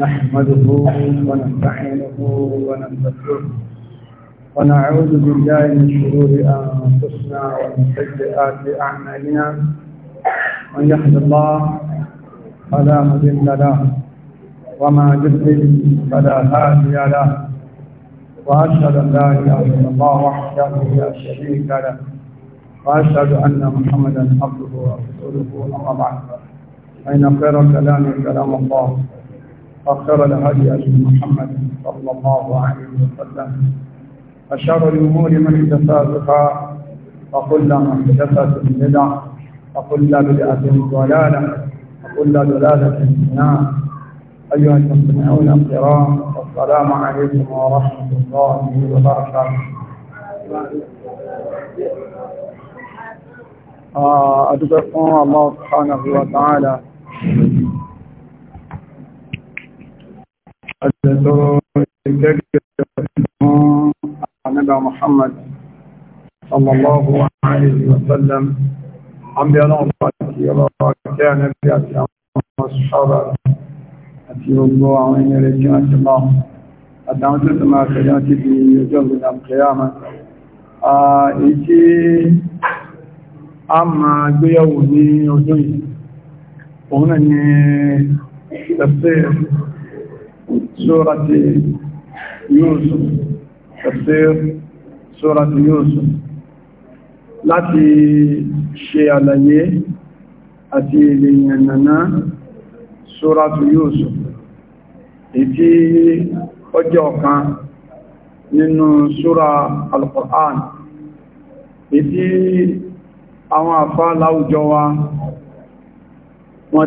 نحمده ونستعينه ونستغفره ونعوذ بالله من شرور أنفسنا ومن سيئات أعمالنا من يهد الله فلا مضل له وما يضلل فلا هادي له وأشهد أن لا إله إلا الله وحده لا شريك له وأشهد أن محمدا عبده ورسوله أما بعد فإن خير الكلام كلام الله وخير الهدي أجل محمد صلى الله عليه وسلم أشار الامور من تسابقا وكل تسابق بدعه وكل بدعه ضلاله وكل ضلاله في ايها المستمعون الكرام السلام عليكم ورحمه الله وبركاته آه، أدعو الله سبحانه وتعالى àtẹ̀tọ́ ìkẹ́kẹ̀ẹ́ fún ànábà Muhammad sallallahu alayhi wa sallam àmì ọlọ́ọ̀pá àti ọlọ́ọ̀pá kẹ́ ànábì àti àwọn ṣọ́ra àti gbogbo àwọn ènìyàn tí wọ́n ti lọ àtàwọn tó tó máa fẹ̀lẹ́ ti di ọjọ́ ìgbìyàn kẹyàmà ni tafsir سورة يوسف تفسير سورة يوسف láti ṣe àlàyé àti ilé ìyànnàná sóràtù Yúsúf ètí ọjọ́ ọ̀kan nínú sóra Al-Qur'an ètí àwọn àfá láwùjọ wa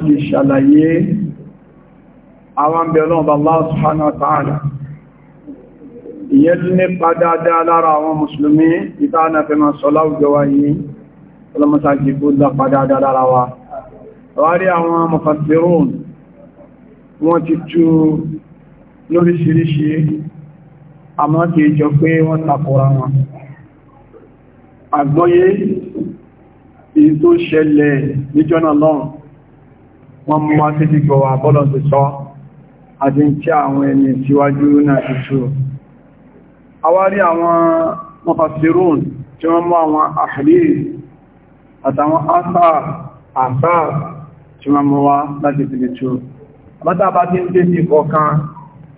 àwọn bẹ̀ ọlọ́ọ̀bà Allah subhanahu wa ta'ala ìyẹn tún ní padàdá lára àwọn mùsùlùmí ìtànà fẹ́ máa sọ láwùjọ wa yìí ọlọ́mọsáàkì kó lá padàdá lára wa wárí àwọn mufassirun wọ́n ti tú lóríṣiríṣi àmọ́ kìí jọ pé wọ́n takora wọn àgbọ́yé èyí tó ṣẹlẹ̀ níjọ́nà náà wọ́n mú sí ti gbọ́wà bọ́lọ̀ ti sọ́ àti tí àwọn ẹni síwájú náà ti tó. A wá rí àwọn Mufasirun tí wọ́n mú àwọn Ahadith àtàwọn Asa tí wọ́n mú wá láti fi lè tó. Àbátà bá ti ń dé bí ọkàn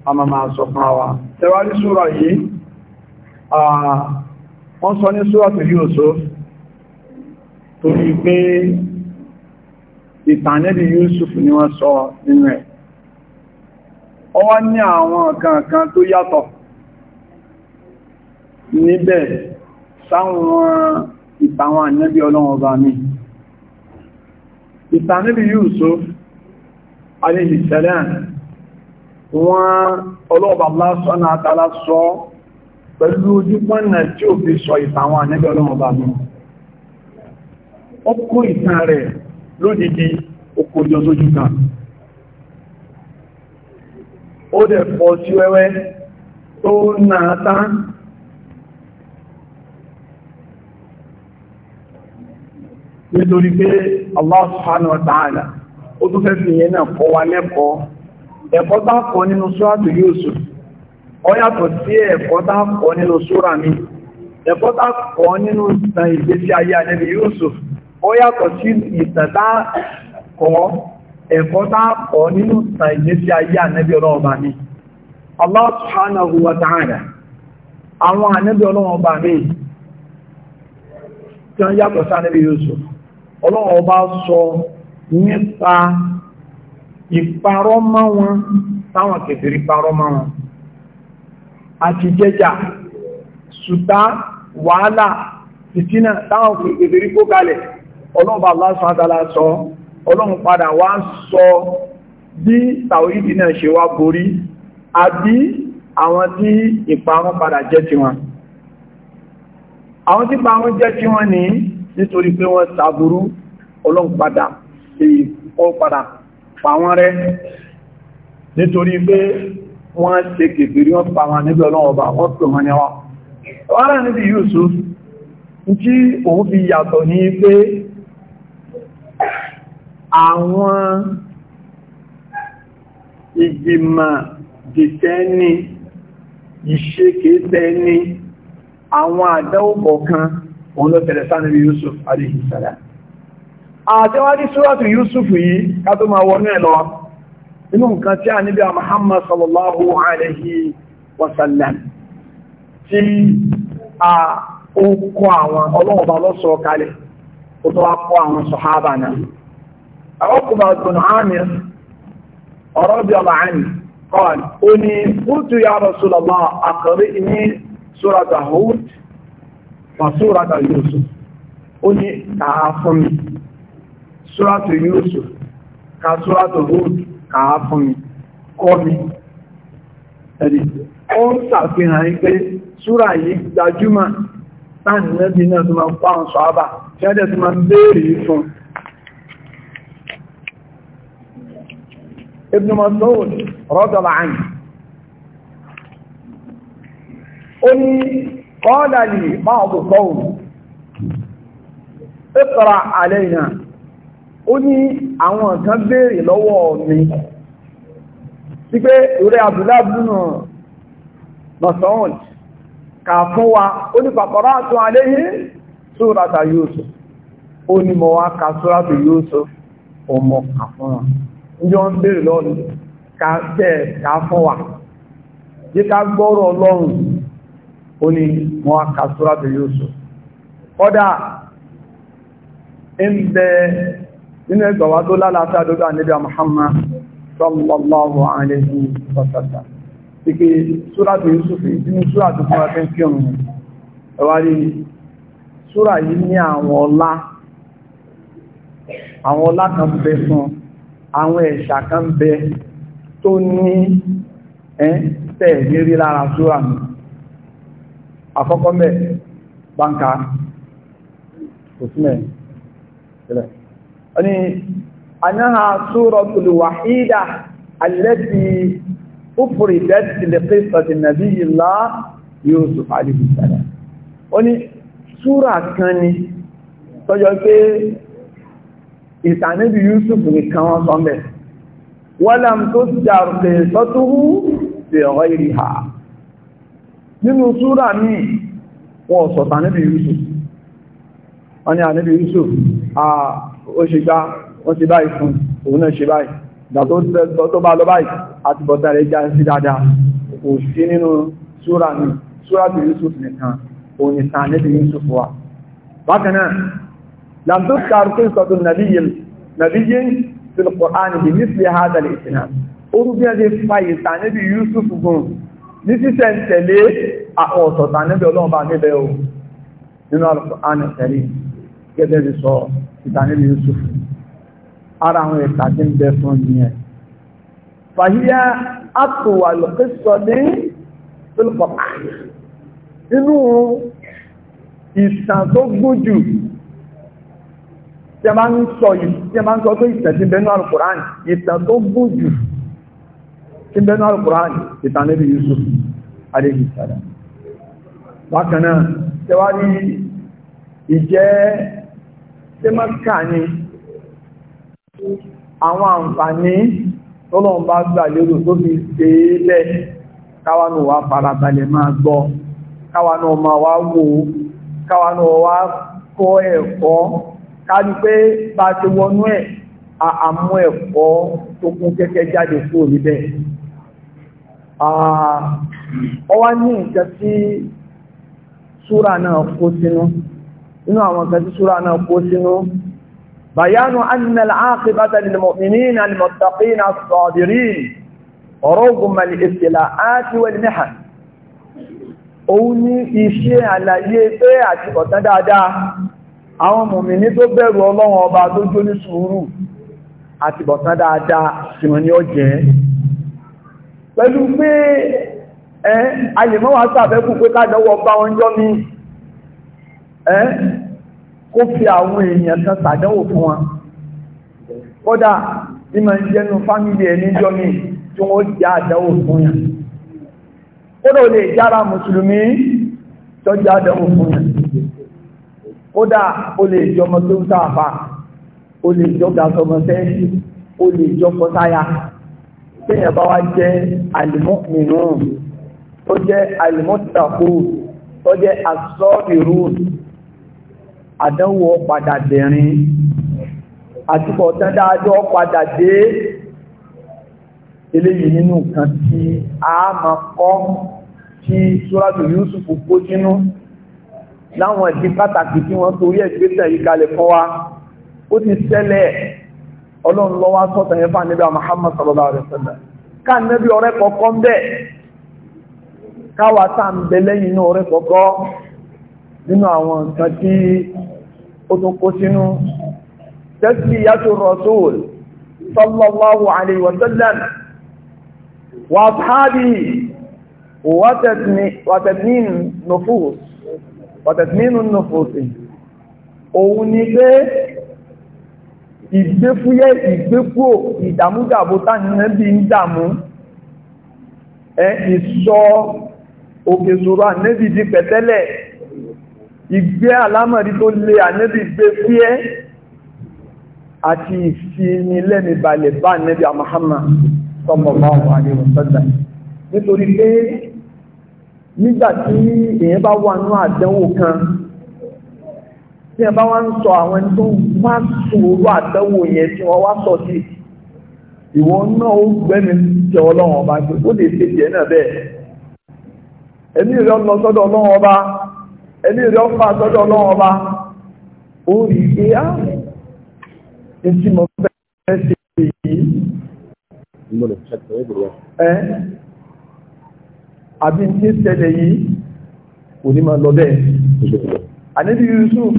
a máa máa sọ fún àwa. Tẹwàrí súra yìí, wọ́n sọ ní súra tó yóò sọ, torí pé ìtàn Yusuf ni wọ́n ó wá ní àwọn kankan tó yàtọ̀ níbẹ̀ sáwọn ìtàwọn ànábì ọlọ́wọ́n bá mi ìtànábì Yusuf alayhi salam wọ́n ọlọ́ọ̀bà lásánà àtàlá sọ pẹ̀lú ojúpọ́nà tí ó fi sọ ìtàwọn ànábì ọlọ́wọ́n bá mi ó kó ìtàn rẹ̀ lódìdí ó kójọ sójú kan ó dẹ̀ pọ̀ sí wẹ́wẹ́ tó náà tán nítorí pé Allah subhanahu ó tún fi yẹn náà kọ́ wa lẹ́kọ̀ọ́ ẹ̀kọ́ tá kọ́ nínú súrátù Yúsúf ó yàtọ̀ sí ẹ̀kọ́ tá kọ́ nínú súrà mi ẹ̀kọ́ tá kọ́ nínú ìgbésí ẹ̀kọ́ táàkọ́ nínú ìgbésí ayé ànẹ́bí ọlọ́ọ̀bá ní Allah subhanahu wa àwọn ànẹ́bí ọlọ́ọ̀bá ní tí wọ́n yàtọ̀ sí ànẹ́bí ya ọlọ́ọ̀bá sọ nípa ìparọ́ ọlọ́run padà wá ń sọ bí tàwídì náà ṣe wá borí àbí àwọn tí ìparun padà jẹ́ ti wọn àwọn tí ìparun jẹ́ ti wọn ní nítorí pé wọ́n sàbúrú ọlọ́run padà sí ọ padà pa wọ́n rẹ́ nítorí pé wọ́n ṣe kèfèrí wọ́n pa wọn níbi ọlọ́run ọba wọ́n pè wọ́n ní àwọn ìgbìmọ̀ dìtẹ́ni ìṣekètẹ́ni àwọn àdáwòpọ̀ kan òun ló tẹ̀lẹ̀ sáà níbi Yusuf alayhi salam àtẹ́wádìí súrátù Yusuf yìí ká tó máa wọnú ẹ̀ lọ inú nǹkan tí a níbi a sallallahu alayhi wasallam a ó kọ àwọn ọlọ́ọ̀bá lọ́sọ̀ọ́kalẹ̀ ó àwọn sọ̀hábà náà عقبة بن عامر رضي الله عنه قال أني قلت يا رسول الله أقرئني سورة هود وسورة يوسف أني كعافمي سورة يوسف كسورة هود كعافمي قومي ẹ̀rí ó ń sàfihàn yí pé súrà yìí gbajúmọ̀ láti nẹ́bí náà tó máa pàwọn sọ́ábà tí wọ́n tó máa béèrè fún ibn Mas'ud radiyallahu anhu ó ní qala li ba'du qawm iqra alayna ó àwọn kan béèrè lọ́wọ́ mi sí pé ìrẹ́ Abdullah ibn Mas'ud kà fún wa ó ní pàpàrá àtún alayhi surata ó ní mọ̀ wá ọmọ ndị wọ́n bèèrè ka ka ká fún wa yí ká gbọ́rọ̀ ọlọ́run ó ní Yusuf kọ́dà ń bẹ nínú ẹgbàwà tó lálàáfíà dókà níbi Muhammad sallallahu alayhi wa sallam ìpé Suratu Yusuf ìdínú Suratu àwọn ẹ̀ṣà kan bẹ tó ní ẹ́ntẹ̀ lérí lára sóra mi àkọ́kọ́ mẹ́ báńkà kò sí mẹ́rin sílẹ̀ ọni anáhà sóra tòlùwà ìdá alẹ́tì fúfúrì dẹ́tì lè nàbí ìlà yóò sọ fàájì ìsẹ̀lẹ̀ ọni kan ni tọ́jọ́ pé ìtànẹ́bì Yusuf nìkan wọ́n sọ mẹ́ wọ́làm tó jàrùkẹ̀ sọ́túhú fi ọ̀rọ̀ ìrì ha nínú súra ní wọ́n sọ tànẹ́bì Yusuf wọ́n ni ànẹ́bì Yusuf ó ṣe gbá wọ́n ti báyìí fún òun náà ṣe báyìí tó bá lọ báyìí àti bọ̀tà rẹ̀ já sí dáadáa kò sí nínú súra ní súra ti Yusuf nìkan òun ni tànẹ́bì Yusuf wà bákan náà لم تذكر قصة النبي نبي في القرآن بمثل هذا الإسلام orúbí ẹ̀dẹ̀ fa ìtànẹ́bí Yusuf gùn ní sísẹ̀ ń tẹ̀lé àwọn ọ̀tọ̀tànẹ́bí ọlọ́run bá níbẹ̀ o nínú Al-Qur'an tẹ̀lé gẹ́gẹ́ bí sọ ìtànẹ́bí Yusuf ara àwọn ẹ̀ka tí ń bẹ fún nìyẹn fàhíyá àtòwà lọ́kẹ́sọ ní fílùpọ̀ inú ìtàn tó gbójú tẹ máa ń sọ yìí tẹ máa ń sọ pé ìtàn tí bẹnu alukurani ìtàn tó gùn jù tí bẹnu alukurani ìtàn níbi Yusuf alayhi salam bákan náà tẹ wá ní ìjẹ́ tẹmọ́kà ni àwọn àǹfààní tọ́lọ́n bá gbà lérò tó fi ṣe é lẹ́ káwánù wá farabalẹ̀ máa gbọ́ káwánù ọmọ wá wò káwánù wá kọ́ ẹ̀kọ́ ká ní pé bá ti wọnú ẹ̀ àmú ẹ̀kọ́ tó kún kẹ́kẹ́ jáde fún òní bẹ́ẹ̀ ọ wá ní nǹkan tí súra náà kó sínú inú àwọn nǹkan tí súra náà kó sínú bayanu anna al-aqibata lil mu'minina al muttaqina as-sabirin rogma al ibtila'ati wal mihan òun ní iṣẹ́ àlàyé pé àti ọ̀tán dáadáa àwọn mùmìnì tó bẹ̀rù ọlọ́run ọba tó jó ní sùúrù àti bọ̀tán dáadáa sì mọ̀ ní ọjẹ́ pẹ̀lú pé ẹ́ ayèmọ́wà sàfẹ́kù pé kájọwọ́ bá wọn jọ ní ẹ́ kó fi àwọn èèyàn kan sàdánwò fún wọn kódà tí ma ń jẹnu fámílì ẹni jọ ní tí wọ́n jẹ́ àdánwò fún yàn kódà ò lè jára mùsùlùmí tó jẹ́ àdánwò fún yàn kódà o lè jọmọ tó ń sáàfà o lè jọba sọmọ sẹ́yìn o lè jọpọ̀ táyà tẹ́yẹ̀ bá wá jẹ́ àlùmọ́mìnú tó jẹ́ àlùmọ́tàkù tó jẹ́ asọ́bìrú àdánwò padà dẹ̀rin àtúkọ̀ tán dáadọ́ padà dé eléyìí nínú nǹkan tí a máa kọ́ tí Sùrátù Yúsùfù kó sínú láwọn ìdí pàtàkì tí wọ́n torí ẹ̀gbẹ́sẹ̀ yìí kalẹ̀ fún wa ó ti ṣẹlẹ̀ ọlọ́run lọ́wọ́ sọ́tàn yẹn fún ànábì Muhammad sallallahu alaihi wasallam ká nẹ́bí ọ̀rẹ́ kọ̀ọ̀kan bẹ́ẹ̀ káwa tá à ń bẹ lẹ́yìn inú ọ̀rẹ́ kọ̀ọ̀kan nínú wa ashabi wa nufus ọ̀tẹ̀tì nínú nùfòsì òun ni pé ìgbéfúyẹ́ ìgbékúò ìdàmúdàbò tánìyàn bí ń dàmú ẹ ìsọ òkè sòrò ànẹ́bì di pẹ̀tẹ́lẹ̀ ìgbé alámọ̀rí tó lé ànẹ́bì gbé fúyẹ́ àti ìfinilẹ́mi balẹ̀ bá ànẹ́bì Muhammad sallallahu alaihi wasallam nítorí pé nígbà tí èèyàn bá wà nínú àdánwò kan tí èèyàn bá wá ń sọ àwọn ẹni tó wá sòrò àdánwò yẹn tí wọ́n wá sọ sí ìwọ náà ó gbẹ́mi tẹ ọlọ́run ọba pé ó lè ṣe tiẹ̀ náà bẹ́ẹ̀ ẹ̀mí rẹ̀ lọ sọ́dọ̀ ọlọ́run ọba ẹ̀mí rẹ̀ fà sọ́dọ̀ ọlọ́run ọba ó rí i pé á etí mo fẹ́ ṣe èyí. ẹ àbí tí ṣẹlẹ̀ yìí kò ní máa lọ bẹ́ẹ̀. àníbi Yusuf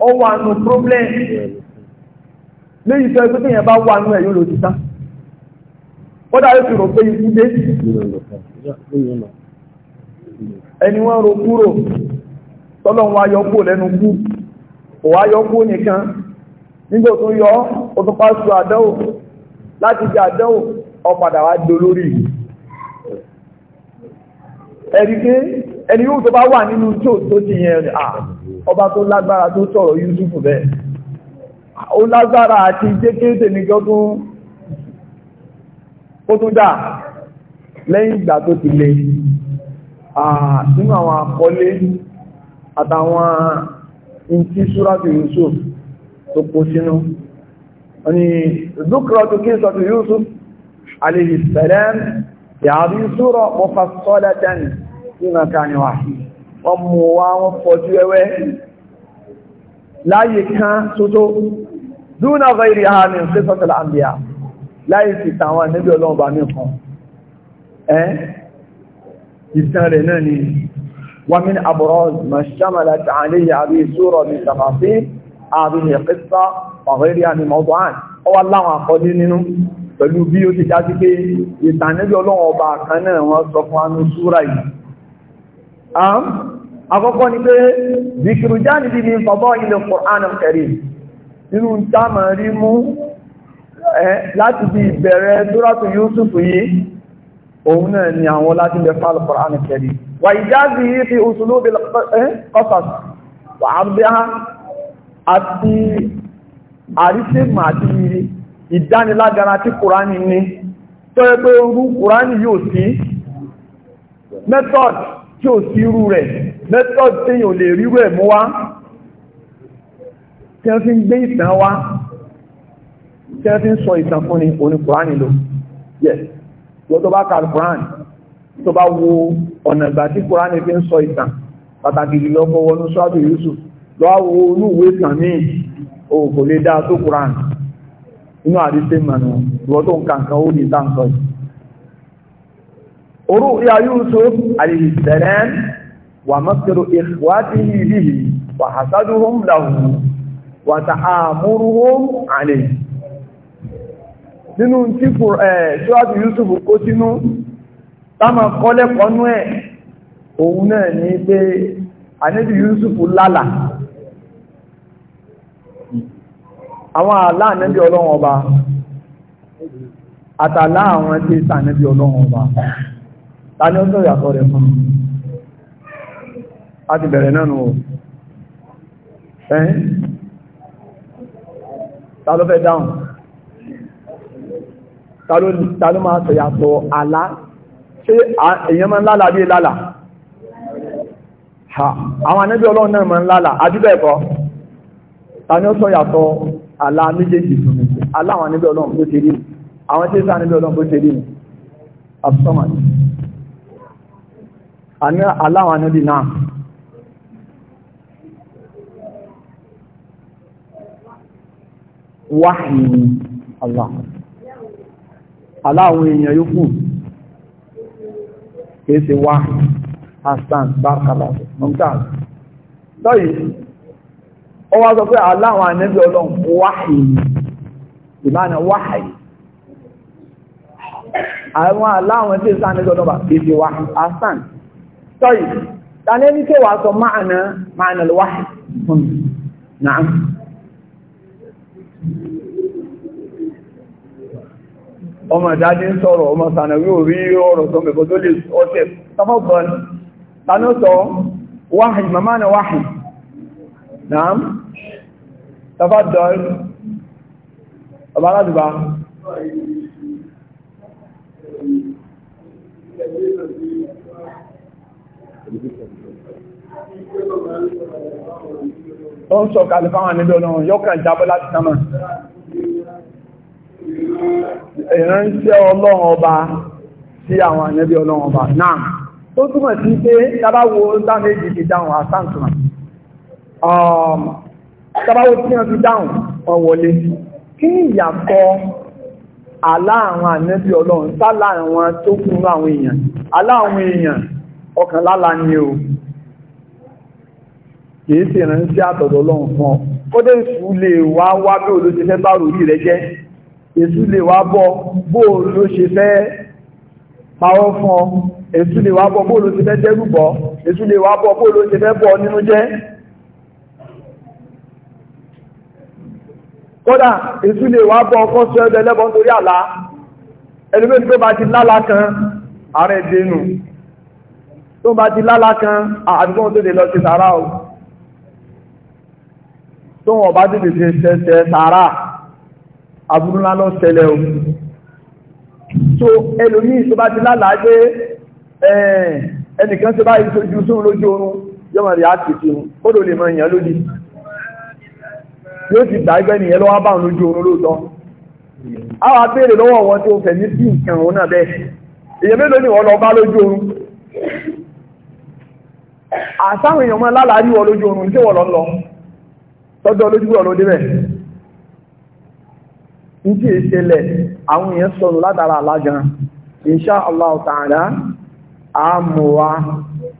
ọ wà nù problem léyìí tó ẹgbẹ́ tẹ̀yẹ̀ bá wà nù ẹ̀ yóò lò ti tán ó dáa lóṣù rò pé ikú dé ẹni wọ́n ro kúrò tọ́lọ́ wọn ayọ́ kó lẹ́nu kú kò wá yọ kó nìkan nígbà tó yọ ó tún pa sùn àdánwò láti jẹ àdánwò ó padà wá dolórí yìí ẹni pé ẹni yóò tó bá wà nínú tó tó ti yẹn ọba tó lágbára tó sọ̀rọ̀ Yusufu bẹ́ẹ̀ ó lágbára àti jẹ́kéèdè nìkan tún ó tún dà lẹ́yìn ìgbà tó ti lè nínú àwọn àkọlé àtàwọn ìntí súrátù Yusuf tó kó sínú wọ́n ni dúkìrọ̀ tó kí sọ́tù Yusuf alayhi salam yàrí sọ́rọ̀ mọ́fàsọ́lá tẹ́ni ní mẹ́kàníwà wọ́n mú wá wọ́n fọ́jú ẹwẹ́ láyé kan tótó dúnà gẹ́rì àmì sísọ́tàlá àmìyà láyé sí tàwọn níbi ọlọ́ọ̀bà nìkan ẹ́ ìtàn rẹ̀ náà ni wọ́n min àbúrọ́z mọ̀ṣámàlá tààlé yàrí sọ́rọ̀ mi tàfàfí àbí pẹ̀lú bí ó ti já sí pé ìtànẹ́bí ọlọ́run ọba kan náà wọ́n sọ fún anú súra yìí àkọ́kọ́ ni pé zikiru jáde bí ní fọ́bọ́ ilẹ̀ Qur'anul Karim nínú táàmà rí mú láti bí ìbẹ̀rẹ̀ ni àwọn láti bẹ fà Qur'anul Karim wà ìjáàzì yìí fi usulubil qasas wà ìdánilágara tí kùránì ní tó yẹ pé orú kùránì yóò sí method tí ò sí irú rẹ̀ method tí yóò lè rí rẹ̀ mú wá tí wọ́n fi ń gbé ìtàn wá tí wọ́n fi ń sọ ìtàn fún ni òní kùránì lò yes wọ́n tó bá ka kùránì tó bá wo ọ̀nà ìgbà tí kùránì fi ń sọ ìtàn pàtàkì jùlọ fọwọ́nú sọ́dọ̀ Yusuf lọ́wọ́ olúwé tàn ní òkò tó kùránì inú àdíṣẹ́ mẹ́nu ìwọ́n tó ń kankan ó ní ìtànsọ́ yìí orú ìyá Yusuf alayhi salam wà mọ́kẹrù ikhwatihi bihi wà hasaduhum lahu wà ta'amuruhum alayhi nínú tí àwọn àlá ànábì ọlọ́run ọba àtàlá àwọn tí sànábì ọlọ́run ọba ta ni ó sọ ìyàtọ̀ rẹ̀ fún a ti bẹ̀rẹ̀ náà nù ẹ̀yìn ta ló fẹ́ dáhùn ta ló máa sọ ìyàtọ̀ àlá ṣé èèyàn máa ń lálàá bí lálàá àwọn ànábì ọlọ́run náà máa ń lálàá àdúgbẹ̀kọ́ ta ni ó sọ àlá méjèèjì fún mi aláwọn níbẹ̀ ọlọ́run bó ṣe rí mi àwọn tí ó sáà níbẹ̀ ọlọ́run bó ṣe rí mi absoman àní aláwọn níbi náà wáhìí Allah aláwọn èèyàn yóò kù kìí ṣe wáhìí hassan barkala ó wá sọ pé aláwọn ànẹ́bí ọlọ́run wáhì ìmáàna wáhì àwọn aláwọn tí sáà nẹ́bí ọlọ́run bèbè wá asán tọ́yì tàní ní kí wà sọ máàna máàna wáhì fún náà ọmọ ìdájí ń sọ̀rọ̀ ọmọ sànàwí orí ọ̀rọ̀ sọ mẹ́kọ́ tó lè ọ̀tẹ̀ tọ́fọ́ gan tàní ó sọ wáhì نعم تفضل أبا رضبا ó ń sọ kàlùfáwọn níbi ọlọ́run yóò kàn jábọ́ láti sánmà ìrìnṣẹ́ ọlọ́run ọba sí àwọn ànẹ́bí ọlọ́run ọba náà tó túnmọ̀ sí pé tábáwo ń dá méjì ti dáhùn àsáǹtùmọ̀ Um, tàbáwó tí wọ́n fi dáhùn ọ̀wọ̀lé kí ìyàtọ̀ aláàwọn ànẹ́bí ọlọ́run sálà àwọn tó kún àwọn èèyàn aláàwọn èèyàn ọkàn lálá ni o kìí sì ránṣẹ́ àtọ̀dọ̀ ọlọ́run fún ọ ó dé ìsú lè wá wá bí o ló ṣe fẹ́ bá ròrí rẹ jẹ́ èsú lè wá bọ́ bó o ló ṣe fẹ́ pawọ́ fún ọ èsú lè wá bọ́ bó o ló ṣe fẹ́ dẹ́rù bọ́ èsú lè wá bọ́ bó o ló ṣe fẹ́ bọ́ nínú jẹ́ kódà èsù lè wá bọ́ ọkọ́ sọ ẹgbẹ́ lẹ́bọ̀ nítorí àlá ẹlùmí tó bá ti lálá kan ààrẹ dénú tó bá ti lálá kan àdúgbò tó lè lọ sí sàárà o tó wọ́n bá dìde sí ṣẹṣẹ sàárà àbúrúnlá lọ ṣẹlẹ̀ o so ẹlùmí tó bá ti lálá gbé ẹnìkan tó bá ìṣojú sóhun lójú oorun yọmọ rẹ̀ á ti fi hun ó lò lè mọ ìyàn lódì yóò ti gbà ẹgbẹ́ nìyẹn lọ́wọ́ bá lójú oorun lóòótọ́ a wá béèrè lọ́wọ́ wọn tó fẹ̀ ní sí nǹkan òun náà bẹ́ẹ̀ èyàn mélòó ni wọ́n lọ bá lójú oorun àsáwọn èèyàn mọ́ lálàárí wọ lójú oorun tí wọ́n lọ lọ tọ́jọ́ lójú wọ́n ló débẹ̀ ní tí ìṣẹ̀lẹ̀ àwọn èèyàn sọnù látara alágan insha Allah ta'ala àmúwa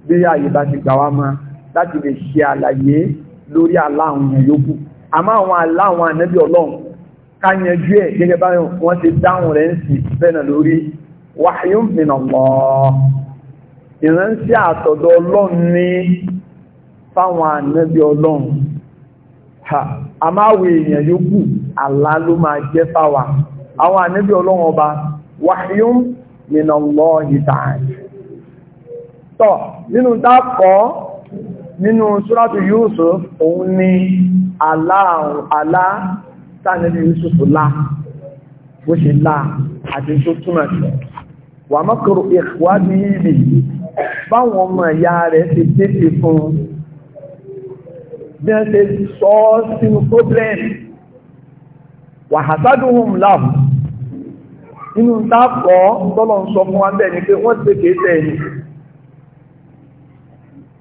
bí àyè bá ti gbà wá máa láti lè ṣe àlàyé lórí aláhùn yòókù àmọ́ àwọn àlá àwọn ànábì ọlọ́run káyanjú ẹ̀ gẹ́gẹ́ bá wọ́n ti dáhùn rẹ̀ ń sì bẹ́nà lórí wáyún min Allah ìrántí àtọ̀dọ̀ ọlọ́run ní fáwọn ànábì ọlọ́run a máa wo èèyàn yókù àlá ló máa jẹ́ fáwa àwọn ànábì ọlọ́run ọba wáyún min Allah yìí tàn nínú ṣúrátù Yusuf òun ni àlá tánàbí Yusuf lá bó ṣe lá àti tó túnmọ̀ sí wà mọ́kọrọ ìwádìí ìbì báwọn ọmọ ìyá rẹ̀ ti tètè fún bí wọ́n sọ sínú problem wà hàsádùn láàbù inú tápọ̀ tọ́lọ̀ ń sọ fún wa bẹ́ẹ̀ ni pé wọ́n ti kéèkéè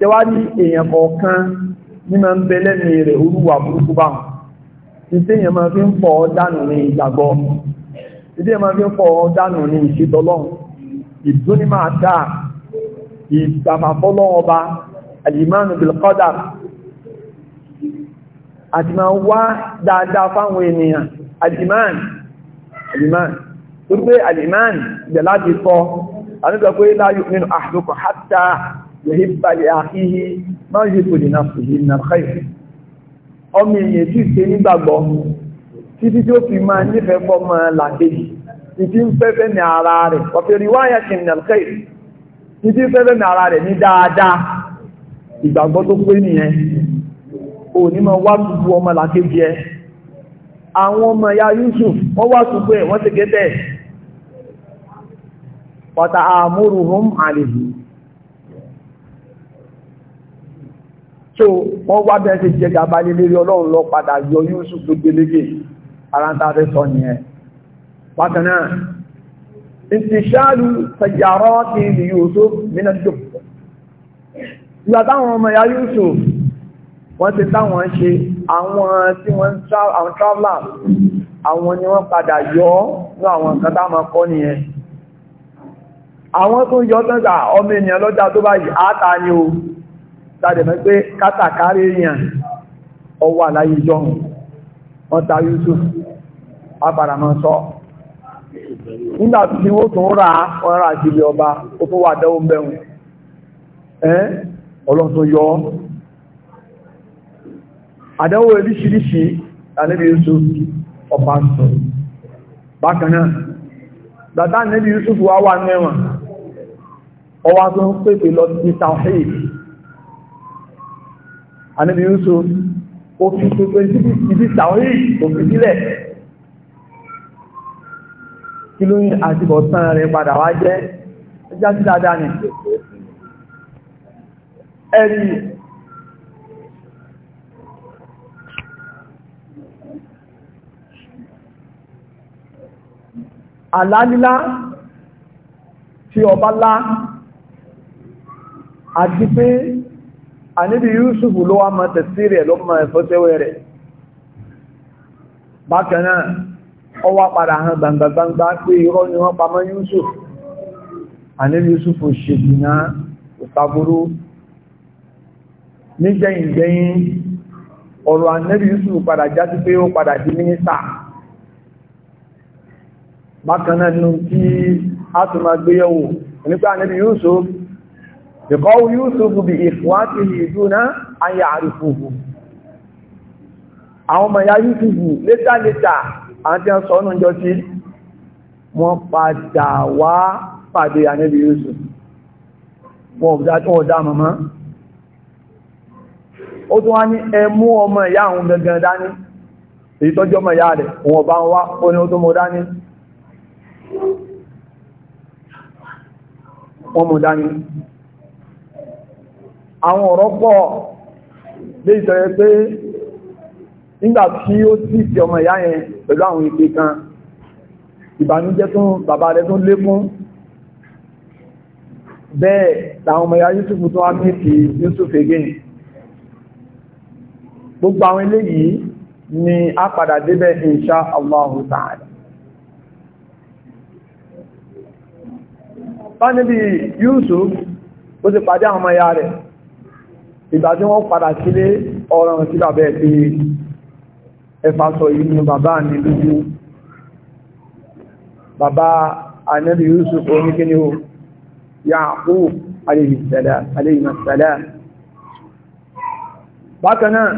tẹwà ní èèyàn kọ̀ọ̀kan ní ma ń bẹ lẹ́nu rẹ̀ olúwà burúkú bá ìdí èèyàn ma fi ń pọ̀ dánù ní ìgbàgbọ́ ìdí èèyàn ma fi ń pọ̀ dánù ní ìṣètọ́lọ́run ìdúní máa dá ìgbàfàfọ́lọ́ọba alìmánu bilkọ́dà àti máa wá dáadáa fáwọn ènìyàn alìmán alìmán torí pé alìmán ìgbẹ̀ láti sọ pé la yu'minu ahadukum hatta yòhìbà lè àkíhí máa yìí lè nà fìhì nà kẹ́yì ọmọ èèyàn tí ṣe nígbàgbọ́ títí tí ó fi máa nífẹ̀ẹ́ fọ́ máa làkejì títí ń fẹ́fẹ́ ní ara rẹ̀ ọ̀fẹ́rí wáyà kì nà kẹ́yì títí fẹ́fẹ́ ní ara rẹ̀ ní dáadáa ìgbàgbọ́ tó pé nìyẹn ò ní máa wá gbogbo ọmọ làkejì ẹ àwọn ọmọ ya Yusuf wọ́n wá gbogbo ẹ̀ wọ́n ti gẹ́tẹ̀ pàtà àmúrùhùn àlejò so wọ́n wá bẹ́ẹ̀ ṣe jẹ gàba lélẹ́rí ọlọ́run lọ padà yọ Yusuf tó gbélégè ara ń tàbí sọ nìyẹn bákan náà ìtìṣàlù sàyàrọ́ ti lè Yusuf mìíràn jò ìgbà táwọn ọmọ ya Yusuf wọ́n ti táwọn ṣe àwọn tí wọ́n àwọn travelers àwọn ni wọ́n padà yọ ní àwọn nǹkan tá máa kọ́ nìyẹn àwọn tó yọ tán gbà ọmọ ènìyàn lọ́jà tó báyìí àátá o tàbí pé kátàkárí èèyàn ọwà láyé jọun wọ́n ta Yusuf apàdàmọ́ sọ nígbà tí ó tún rà ọ̀rọ̀ ọba ó fún wà dẹ́wọ́ bẹ̀rùn ẹ́ ọlọ́tún yọ àdẹ́wọ́ oríṣiríṣi àníbi Yusuf ọba sọ bákanáà níbi Yusuf wá wà ọwá tó ń pèpè àníbi yúso ó fi gbogbo ibi sàwọ́rí òfin sílẹ̀ kí ló ń àtibọ̀tán rẹ̀ padà wá jẹ́ jásí dáadáa ni ẹ̀rì àlálílá tí ọba lá àti pé àníbi Yusuf ló wá ma tẹ̀sírì ẹ̀ ló ma ẹ̀fọ́sẹ́wẹ́ rẹ̀ bákanáà ó wá padà hàn gbangbangbangba pé irọ́ ni wọ́n pamọ́ Yusuf àníbi Yusuf ṣègbìnà òtagoro nígbẹ̀yìngbẹ̀yìn ọ̀rọ̀ àníbi Yusuf padà jásí pé ó padà di mínísà bákanáà nínú tí a tún ma gbéyẹ̀wò nípa àníbi Yusuf بقول يوسف بإخواته دون أن يعرفوه àwọn ọmọ ya yútùbù létà létà àti ọ̀sọ̀ ọ̀nà ìjọ tí wọ́n padà wá pàdé ànẹ́bì Yusuf wọ́n ọ̀dá màmá ó tún wá ní ẹmú ọmọ ìyá àwọn gangan dání èyí tọ́jú ọmọ ìyá rẹ̀ wọ́n bá wá ó ní ó tó mọ́ dání wọ́n mọ́ dání àwọn ọ̀rọ̀ pọ̀ lè ìtọ̀yẹ pé nígbà tí ó tí sí ọmọ ìyá yẹn pẹ̀lú àwọn ìpé kan ìbànújẹ́ tún bàbá rẹ̀ tún lékún bẹ́ẹ̀ làwọn ọmọ ìyá Yusuf tún wá mẹ́tì gbogbo àwọn eléyìí ni a padà débẹ̀ insha Allah ta'ala bá níbi Yusuf ó ti pàdé àwọn ọmọ ìyá rẹ̀ ìgbà tí wọ́n padà sílé ọ̀rọ̀ sí bàbá ẹ̀ pé yìí ni bàbá ní lójú bàbá anẹ́bí Yusuf oníkíní o Yaqub alayhi salam bákanáà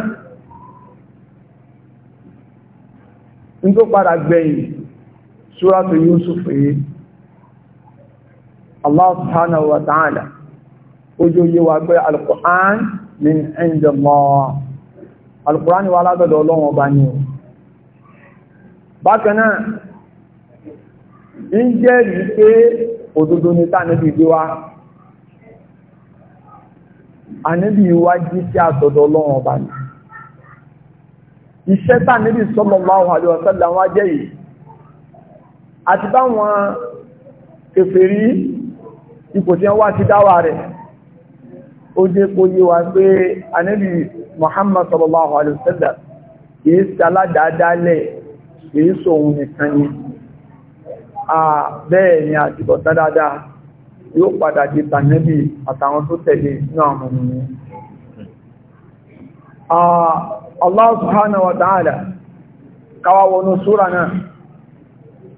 ní tó padà gbẹ̀yìn suratu Yusuf yìí Allah subhanahu wa ta'ala ojú yíwa pé min inda Allah alukùránì wà látọ̀dọ̀ ọlọ́run ọba ni o bákan náà ń jẹ́rìí pé òdodo ni tánàbí gbé wá ànábì wá jí sí àtọ̀dọ̀ ọlọ́run ọba ni iṣẹ́ tánàbí sallallahu alaihi wasallam wá jẹ́ yìí àti báwọn kèfèrí ipò tí wọ́n wá ti dáwà rẹ̀ ó jẹ́ kó yé wa pé anẹ́bì Muhammad sallallahu alaihi wasallam kìí sáládàádálẹ̀ kìí sóhun nìkan ni a bẹ́ẹ̀ ni àtìkọ̀ sádádá yóò padà di tànẹ́bì àtàwọn tó tẹ̀lé ní àwọn ọmọ Allah subhanahu wa ta'ala káwà wọnú súra náà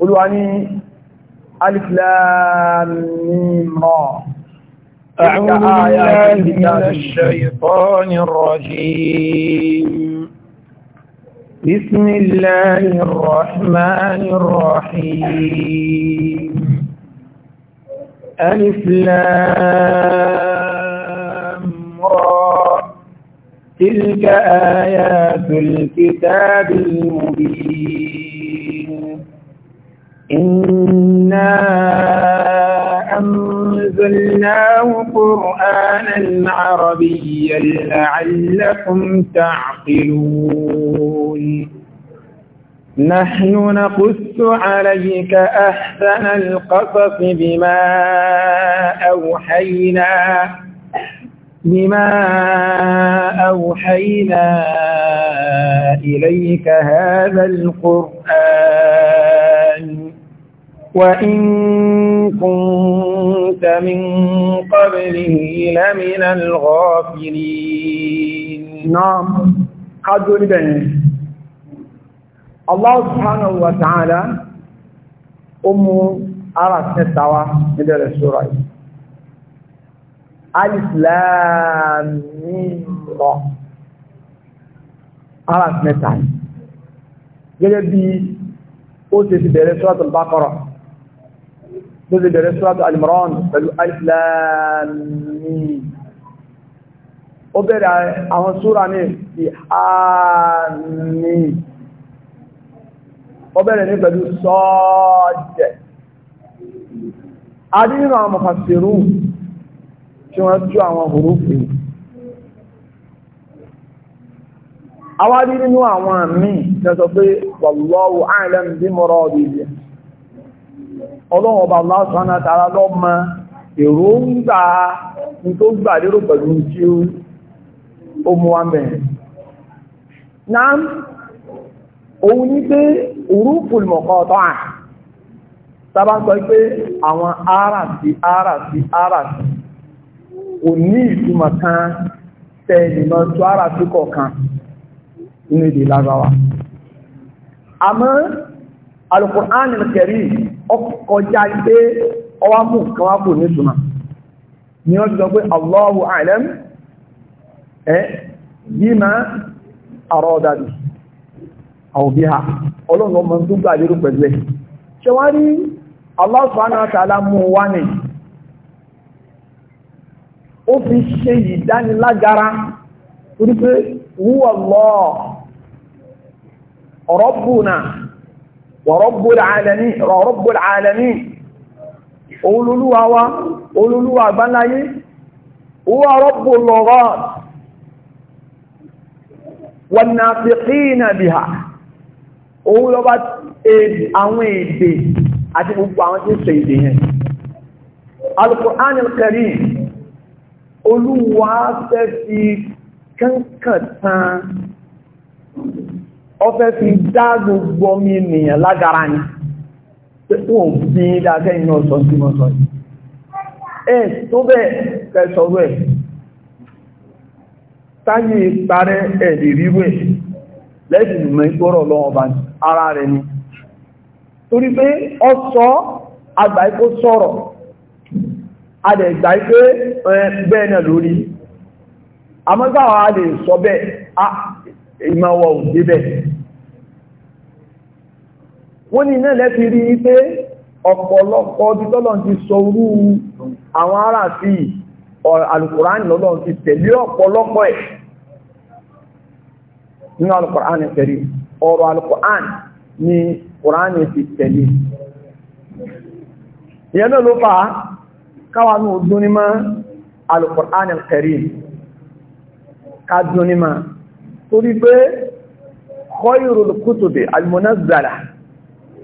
olúwa ní alif lam mim أعوذ بالله من الشيطان الرجيم بسم الله الرحمن الرحيم ألف لام را تلك آيات الكتاب المبين إنا أم أنزلناه قرآنا عربيا لعلكم تعقلون نحن نقص عليك أحسن القصص بما أوحينا بما أوحينا إليك هذا القرآن وإن كنت من قبله لمن الغافلين نعم قد لبنين الله سبحانه وتعالى أم أرى نتعوى من السورة ألف لام را أرى السنة gẹ́gẹ́ bí ó سورة البقرة tó ti bẹ̀rẹ̀ sọ́tù alìmọ̀rán pẹ̀lú alìfìlàmì ó bẹ̀rẹ̀ àwọn súra ní ti àmì ó bẹ̀rẹ̀ ní pẹ̀lú sọ́ọ̀dẹ̀ adínú àwọn mọ̀fàṣírù tí wọ́n tú àwọn òrùfin awárí àwọn àmì tẹ́sọ pé wallahu a'lam ọlọ́run ọba lásán àtàrà lọ́mọ èrò ń gbà ní tó gbà lérò pẹ̀lú tí ó mú wa mẹ́rin náà òun ní pé òrùfùl mọ̀kọ́tọ́à sábà sọ pé àwọn ara sí ara sí ara sí ò ní ìtumọ̀ kan tẹ ìdìmọ̀ tó ara sí kọ̀ọ̀kan nínú èdè lágbàwà àmọ́ alukur'an kẹrí ọkọjá pé ọwá mú kan wá ní ni wọ́n sọ pé Allahu a'lam ẹ́ bima arada bi aw biha ọlọ́run ọmọ tó gbà lérò pẹ̀lú ẹ̀ ṣe wá rí Allah subhanahu Rabbul alamin Rabbul alamin olúlúwa wa olúlúwa àgbáláyé huwa Rabbul lughat wan nafiqina biha òun lọ bá àwọn èdè àti gbogbo àwọn tí ń sọ èdè yẹn Al-Qur'an al-Karim olúwa fẹ́ fi kánkàn tán ọfẹ́ fi dá gbogbo ọmọ ènìyàn lágara ni dákẹ́ iná ọ̀sọ̀ sí ẹ̀ tó bẹ́ẹ̀ kẹsọ̀rọ̀ táyé parẹ́ ẹ̀dì ríwẹ̀ lẹ́sìn mẹ́ gbọ́rọ̀ lọ́wọ́ bá ara rẹ̀ ni torí pé sọ̀rọ̀ ìmọ̀wọ̀ òdébẹ̀ wọ́n ní náà lẹ́fi rí pé ọ̀pọ̀lọpọ̀ bí tọ́lọ̀ ti sọ orú àwọn ará sí alùkùránì lọ́lọ́ ti tẹ̀lé ọ̀pọ̀lọpọ̀ ẹ̀ nínú alùkùránì tẹ̀lé ọ̀rọ̀ alùkùránì ni kùránì ti tẹ̀lé ìyẹn náà ló fà á káwa ní ojú ní máa alùkùránì tẹ̀lé ká dún ní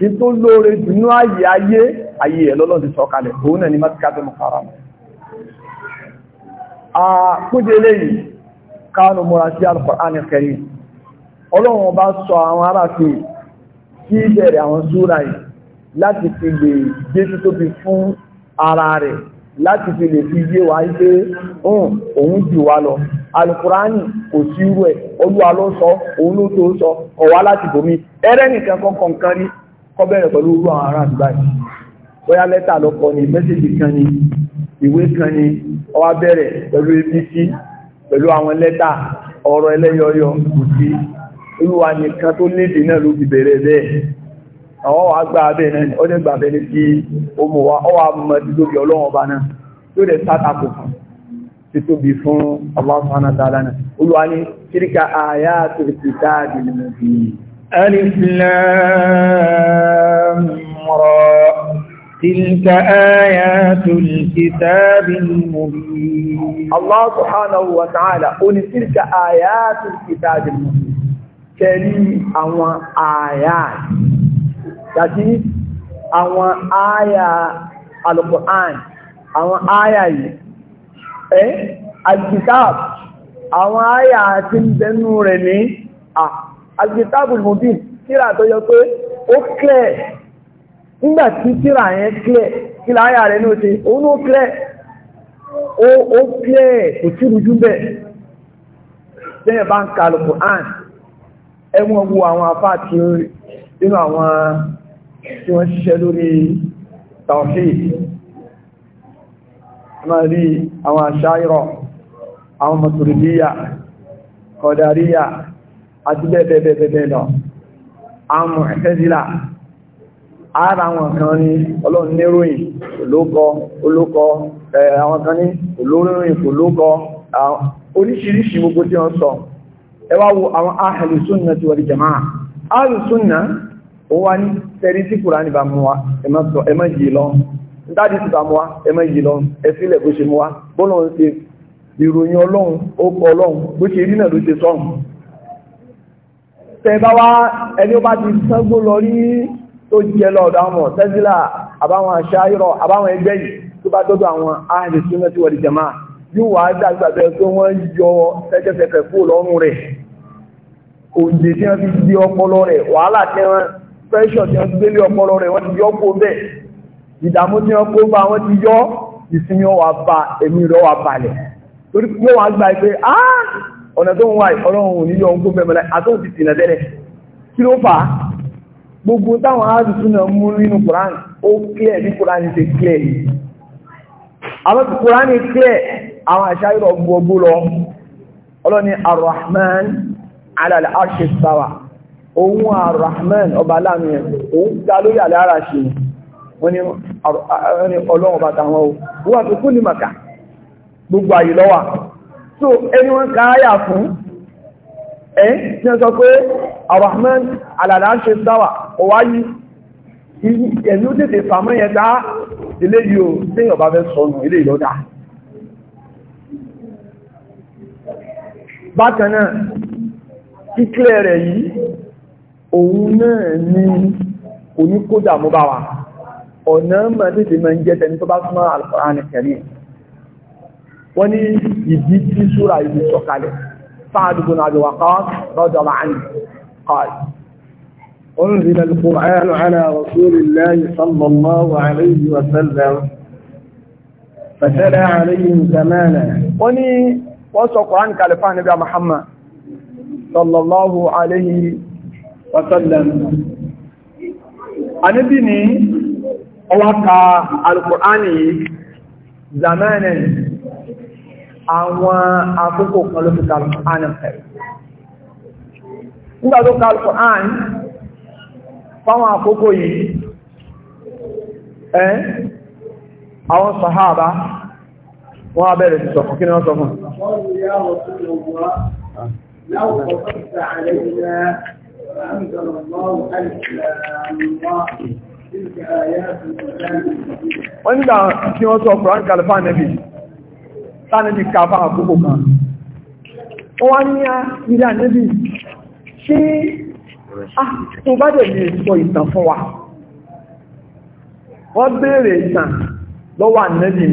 ní tó lóore dùnú ayé ayé ayé ẹ̀ lọ́lọ́ ti òun náà ni mọ́tíkàtọ̀ mọ̀kàrà kújẹ lẹ́yìn káànù múra sí Al-Qur'an Karim ọlọ́run bá sọ àwọn aráfi kí bẹ̀rẹ̀ àwọn súra yìí láti fi lè jésù tó fi fún ara rẹ̀ láti fi lè fi yé wa ipé òun jù wá lọ alukurani kò sí irú ẹ̀ olúwa ló òun ló tó sọ ọ̀wá láti bòmí ẹrẹ́ nìkan kọ́kọ̀ọ̀kan rí kọ́ bẹ̀rẹ̀ pẹ̀lú orú àwọn ará àdúgbà yìí bóyá lẹ́tà lọ́kọ ni mẹ́sẹ̀jì kan ni ìwé kan ni ó wá bẹ̀rẹ̀ pẹ̀lú apc pẹ̀lú àwọn lẹ́tà ọ̀rọ̀ ẹlẹ́yọyọ kò sí olúwa nìkan tó léde náà ló fi bẹ̀rẹ̀ bẹ́ẹ̀ àwọn wà gbà abẹ́ náà ni ó dẹ̀ gbà bẹ́ẹ̀ kí ó mọ̀ wá ó wà mọ̀ tí tóbi ọlọ́run ọba náà tó dẹ̀ sátakò fún tí tóbi fún Allah subhanahu wa ta'ala náà olúwa ní kíríkà àyà tó ti dáàbì nínú bíi ألف لامرى تلك آيات الكتاب المبين الله سبحانه وتعالى قل تلك آيات الكتاب المبين كلي أو آيات يعني أو آية القرآن أو آية إيه الكتاب أو آيات بنور لي alkitabul mubin tíra tó yọ pé ó clear nígbà tí tíra o ṣe òun ó clear ó clear kò tí rújú bẹ́ẹ̀ lẹ́yìn bá ń ka ẹwọ́n wo àwọn afá tí ó nínú àwọn tí wọ́n ṣiṣẹ́ lórí tawhid máa rí àwọn àṣáyírọ̀ àwọn mọ̀tòrìdíyà kọ̀dàríyà àti bẹ́ẹ̀bẹ́ẹ̀bẹ́ẹ̀ lọ. Àmọ̀ ẹ̀fẹ́sílà, ara àwọn kan ní ọlọ́run níròyìn olókọ, olókọ, àwọn kan ní olóròyìn oríṣiríṣi gbogbo tí wọ́n sọ. Ẹ wo àwọn sunna ti wal jamaa. Ahlu sunna, ó wá ní tẹ́rí tí kùrá ní wa, ẹ má yìí lọ, bó ṣe mú wa, ìròyìn ọlọ́run, ó kọ ọlọ́run, bó ṣe rí náà ló ṣe sọ́run. tẹ́bá wá ẹni ó bá ti sángó lọ rí tó jẹ lọ́dọ̀ àwọn tẹ́sílà àbáwọn aṣáírọ̀ àbáwọn ẹgbẹ́ yìí tó bá tọ́jú àwọn ahli sunnati wal jamaa yóò wá dàgbàgbẹ́ tó wọ́n yọ tẹ́kẹ́tẹ́kẹ́ kó lọ́rùn rẹ̀ òǹdè tí wọ́n fi di ọpọlọ rẹ̀ ah ọ̀nà tó ń wá ọlọ́run ò níyọ ohun tó bẹ̀rẹ̀ àtọ́ ti tìnà tẹ́lẹ̀ kí ló fà á gbogbo táwọn aráàlùsù náà mú nínú Kùránì ó clear ọlọ́ni Ar-Rahman ala al-arshi istawa òun Ar-Rahman ọba aláàmì ẹ̀ òun dá lórí àlẹ́ ara ṣe wọ́n ni ọlọ́run bàtà wọn ó wọ́n àti kúlì màkà gbogbo àyè lọ́wà so ẹni wọ́n ká áyà fún ẹ́ tí ó sọ pé arahman alàdá ṣe sáwà ọwáyí ẹ̀lú tètè fàmọ́ yẹn dá ilé yìí o tí yọ̀bá fẹ́ sọnù ilé ìlọ́dá bákanáà kíkẹ́ rẹ̀ yìí òun náà ni oníkódà mú wa ọ̀nà mọ̀ tètè jẹ́ tẹni tó bá súnmọ́ Al-Qur'an wọ́n ní ìdí tí súra ìlú sọ̀kalẹ̀ sáàdùgbò náà lọ́wọ́ kọ́ lọ́jọ́ láàrín قال أنزل القرآن على رسول الله صلى الله عليه وسلم فسلى عليهم زمانا wọ́n ní wọ́n sọ Kùránì kalẹ̀ fún Ànábì Muhammad صلى الله عليه وسلم Ànábì ni ọwá ka alkùránì zamanin àwọn àkókò kan ló fi ka Al-Qur'an nígbà tó ka al fáwọn àkókò yìí ẹ́ àwọn sàhábà wọ́n á bẹ̀rẹ̀ sísọ kí ni wọ́n tí wọ́n sọ tánàbí káfà àkókò kan wọ́n wá ní ah, ilé ànẹ́bí ṣe ah, tó bá dẹ̀ lè sọ ìtàn fún wa wọ́n béèrè ìtàn lọ́wọ́ ànẹ́bí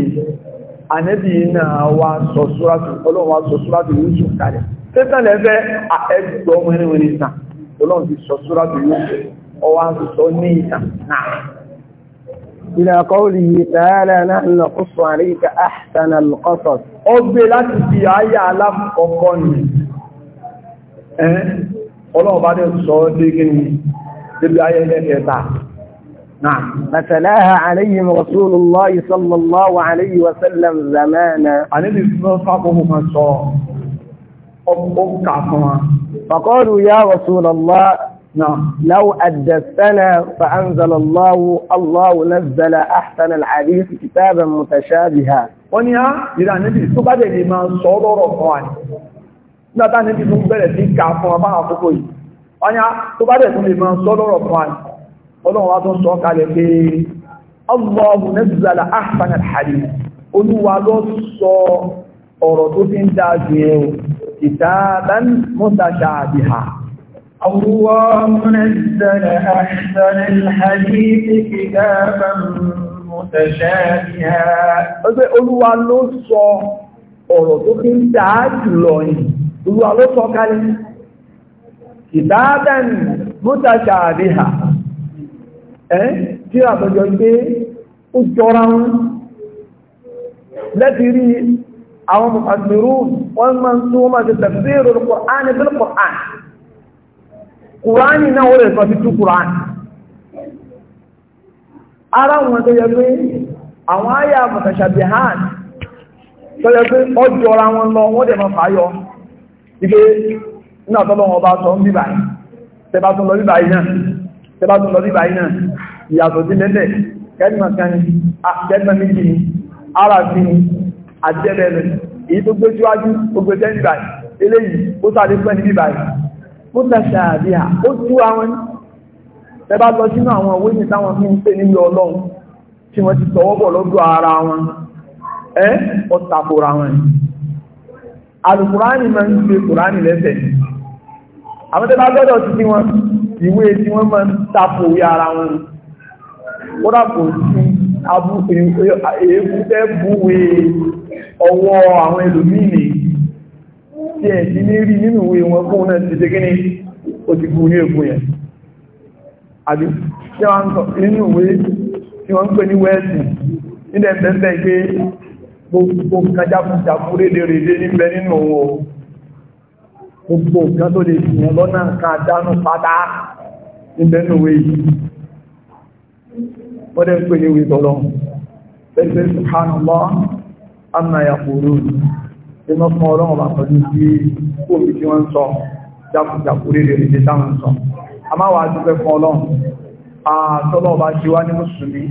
ànẹ́bí náà wá sọ súrátù ọlọ́run wá sọ súrátù Yúsúfù kalẹ̀ tẹ́tẹ̀lẹ̀ fẹ́ ah, ẹgbọ́ mẹ́rin ìtàn ọlọ́run ti sọ súrátù Yúsúfù ọwá إلى قوله تعالى نحن نقص عليك أحسن القصص ọgbẹ́ láti fi ayé alákọ̀ọ́kọ́ ni ọlọ́run bá dẹ̀ sọ dégé ni débi ayé ẹlẹ́kẹta náà فَتَلَاهَا عَلَيْهِمْ رَسُولُ اللَّهِ صَلَّى اللَّهُ عَلَيْهِ وَسَلَّمَ زَمَانًا àníbi fọ́fọ́kọ́ kan sọ ọkọ̀ kà fún wa فَقَالُوا يَا رَسُولَ اللَّهِ لو أدستنا فأنزل الله الله نزل أحسن الحديث كتابا متشابها wọ́n yá ìrà níbi tó bá dẹ̀ lè máa sọ lọ́rọ̀ fún àní nígbàtá níbi tó bẹ̀rẹ̀ sí ká fún ọba àkókò yìí wọ́n yá tó bá dẹ̀ tó lè máa sọ lọ́rọ̀ fún àní ọlọ́run wá tó sọ kalẹ̀ pé Allahu nazzala ahsan al-hadith olúwa ló sọ ọ̀rọ̀ tó fi ń dáa ju ẹ̀ kitaban mutashabiha الله نزل أحسن الحديث كتابا متشابها ọgbẹ́ olúwa ló sọ ọ̀rọ̀ tó fi ń dáa jùlọ yìí olúwa ló sọ kalẹ̀ kitaban mutashabiha ẹ́ tí àtọ́jọ́ pé ó jọra wọn lẹ́tí àwọn mọ̀kànlérú wọ́n máa ń tún wọ́n máa ti tafsirul Qur'an bil Qur'an kùránì náà ó lè sọ sí ara wọn tó yẹ pé àwọn àyà mọ̀tàṣàbí hàn tó yẹ pé ọjọ́ ra wọn lọ wọ́n dẹ̀ máa fàáyọ ike náà tọ́lọ́ wọn bá sọ ń tún lọ bíbà yìí náà tún lọ bíbà yìí náà ìyàtọ̀ sí lẹ́lẹ̀ mọ́tàṣàbíà ó tú àwọn ẹbá lọ sínú àwọn òwe ní táwọn fi ń pè nílò ọlọ́run tí wọ́n ti tọwọ́bọ̀ lọ́dọ̀ ara wọn ẹ́ ọ̀tàkùrà wọn alùkùránì máa ń gbé kùránì lẹ́sẹ̀ àwọn tẹ́lá gbọ́dọ̀ títí wọn ìwé tí wọ́n máa ń tapò orí ara wọn kódà kò sí abú èébú tẹ́ búwe ọwọ́ àwọn ẹlòmíì ti ẹ̀ ní rí nínú ìwé wọn fún náà ti ṣe kíní ó ní èkú yẹn àbí tí wọ́n ń sọ nínú ìwé tí wọ́n ń pè ní wẹ́ẹ̀sì nílẹ̀ pé gbogbo níbẹ̀ nínú owó gbogbo nǹkan tó lè fìyàn lọ́nà nǹkan àdánù pátá níbẹ̀ nínú ìwé yìí wọ́n dẹ̀ ń pè ní ìwé tọ́lọ́ iná fún ọlọ́run bá pẹ̀lú sí kóòmì tí wọ́n ń sọ jákùjákù rèé rèé táwọn sọ a máa wà dúpẹ́ fún ọlọ́run àtọ́lọ́ bá ṣe wá ní mùsùlùmí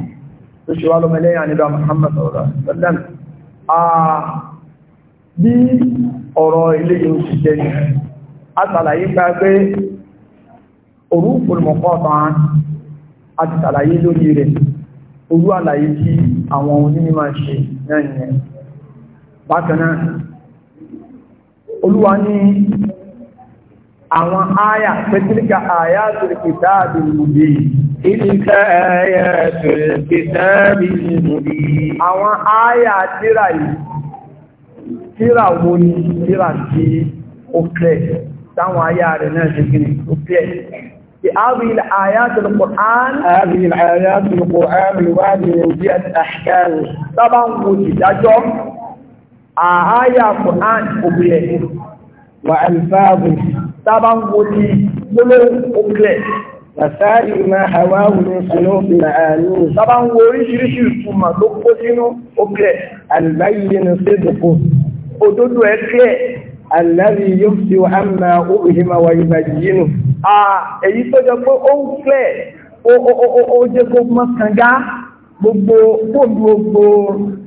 tó ṣe wá lọ́mọlẹ́yìn àníbà Muhammad ọ̀rọ̀ sẹ́lẹ̀m bí a ṣàlàyé gba pé òru fòlùmọ̀kọ́ta a ti ṣàlàyé lórí rẹ̀ òru àlàyé tí àwọn onímọ̀ ṣe náà nìyẹn bákan olúwa ní àwọn àyà pẹ̀tíríkà àyà tòrìkìtà àbìlùmùdì ìlúkà àyà tòrìkìtà àbìlùmùdì àwọn àyà tíra yìí tíra wo ni tíra tí ó kẹ́ táwọn àyà rẹ̀ náà ṣe gírí ó kẹ́ هذه الآيات القرآن هذه الآيات القرآن الواجب وجهة أحكام طبعا وجهة àáyà Quran òbílẹ̀ wà àlùfáàbù tábà ń wo ti gbólóhùn òbílẹ̀ Wàsáàrí ma àwá òun sínú ìlànà sábà ń wo oríṣiríṣi ìtumọ̀ ló kó sínú òkè àlùbáyé ní sídùkú. Òdodo ẹ̀ kílẹ̀ àlàrí yóò fi wà máa òhìmá wà ìbàjì nù. À èyí tó jẹ pé ó ń kílẹ̀ ó jẹ́ kó mọ́ kànga gbogbo gbogbo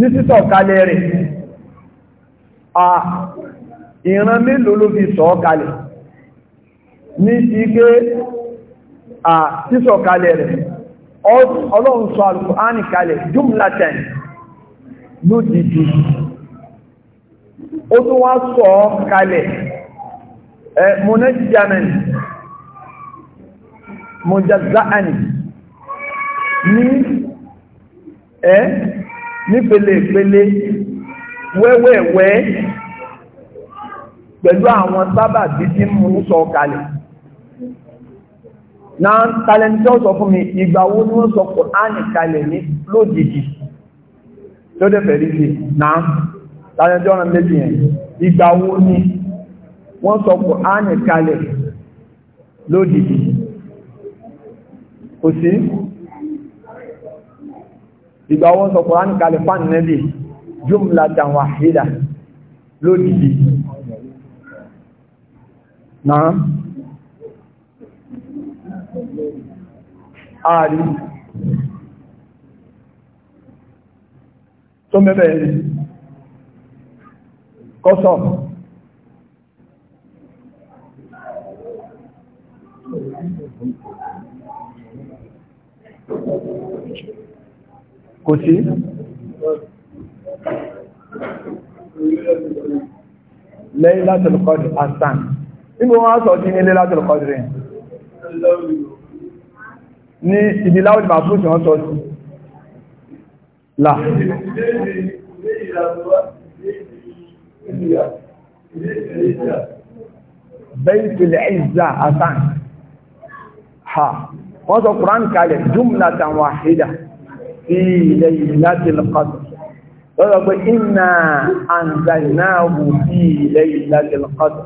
ní sísọ̀kalẹ̀ rẹ̀ à ìran mélòó ló fi sọ̀kalẹ̀ ní ti pé à sísọ̀kalẹ̀ rẹ̀ ọlọ́run sọ Al-Kùránì kalẹ̀ jùmlatan lójìjì ó tún wá sọ kalẹ̀ ẹ mọ́nẹ́jìjàmẹ́n mọ́jàzáàni ní nípelepele wẹ́wẹ́wẹ́ pẹ̀lú àwọn sábà bí tí mú sọ kalẹ̀ na talentọ́ sọ fún mi ìgbàwó ní wọ́n sọ Kùránì kalẹ̀ ní lójijì tó dẹ̀fẹ̀ rí sí na talentọ́ ọ̀nà méjì yẹn ìgbàwó ní wọ́n sọ Kùránì kalẹ̀ lójijì kò sí ìgbà wọ́n sọ Kùránì kalẹ̀ fún Ànábì jumlatan wahida lódìdí náà ààrí tó mẹ́bẹ̀ kọ́sọ̀ Thank you kò sí lẹ́yìn láti lọ́kọ́dì asan nígbò wọ́n sọ sí ilé láti lọ́kọ́dì rẹ̀ ní ìdí láwọ́dì máa fún ìwọ́n sọ sí là bẹ́ẹ̀tìlẹ̀ ìzà asan ha wọ́n sọ kùrán kalẹ̀ jùmlatan wahida sí ilẹ̀ yìí láti lọ́kọ̀tù lọ́dọ̀ pé iná àǹdàìná wù sí ilẹ̀ yìí láti lọ́kọ̀tù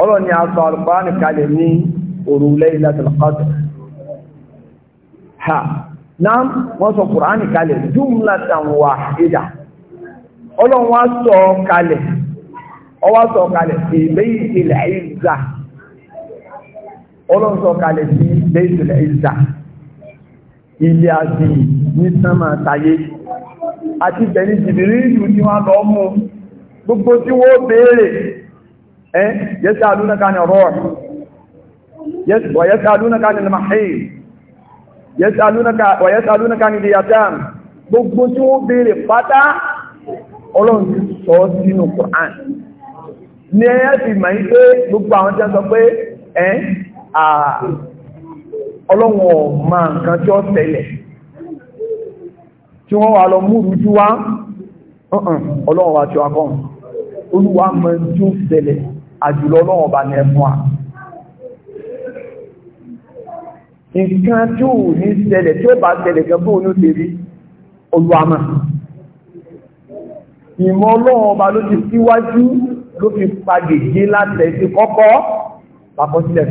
ọlọ́ ni a sọ alùpàánì kalẹ̀ ní òru lẹ́yìn láti lọ́kọ̀tù ha náà wọ́n sọ kùránì kalẹ̀ jumlatan wahida ọlọ́run wá sọ kalẹ̀ ọwá sọ kalẹ̀ sí Baytul Izza ọlọ́run sọ kalẹ̀ sí Baytul Izza ilé àti ní sánmà tayé àti bẹ̀ni jìbìrí ìlú tí wọ́n lọ mú gbogbo tí wọ́n béèrè yẹ́sẹ̀ alúnaka ni rọ́ọ̀ yẹ́sẹ̀ alúnaka ni mahim yẹ́sẹ̀ alúnaka ni liyatam tí wọ́n sọ sínú Qur'an ní ọlọ́wọ̀n ma nǹkan tí ó tẹ̀lẹ̀ tí wọ́n wà lọ múrù jú wá ọlọ́wọ̀n wá tí ó akọ́ olúwa mọ̀ tí ó tẹ̀lẹ̀ àjùlọ ọlọ́wọ̀n bá ní ẹ̀fún à nǹkan tí ó ní tẹ̀lẹ̀ tí ó bá tẹ̀lẹ̀ gẹ́gbẹ́ òní tẹ̀lẹ̀ olúwa mọ̀ ìmọ̀ ọlọ́wọ̀n bá ló ti síwájú ló fi pàgègé láti ẹ̀sìn kọ́kọ́ pàkọsílẹ̀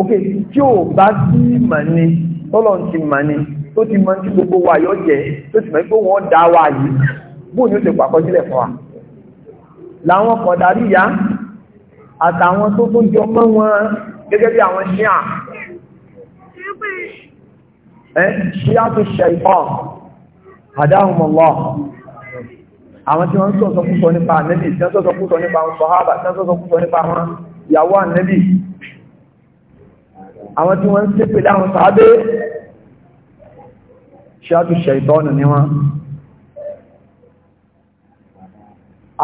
ok tí ò bá sí mọ̀ ni tọ́lọ̀ ti mọ̀ ni tó ti mọ̀ tí gbogbo wa yọ jẹ́ tó ti mọ̀ pé wọ́n dá wa yìí bóò ni ó ti pàkọsílẹ̀ fún wa làwọn kan darí ya àtàwọn tó tó jọ mọ́ wọn gẹ́gẹ́ bí àwọn ṣíà ṣíà tó ṣe ìfọ́n àdáhùnmọ̀lọ́ àwọn tí wọ́n sọ̀sọ̀ púpọ̀ nípa ànẹ́bì tí wọ́n púpọ̀ nípa àwọn tí wọ́n sọ̀sọ̀ púpọ̀ nípa àwọn tí wọ́n ń ṣépè láwọn sàábé ṣáàtù ṣẹ̀tọ́nù ni wọ́n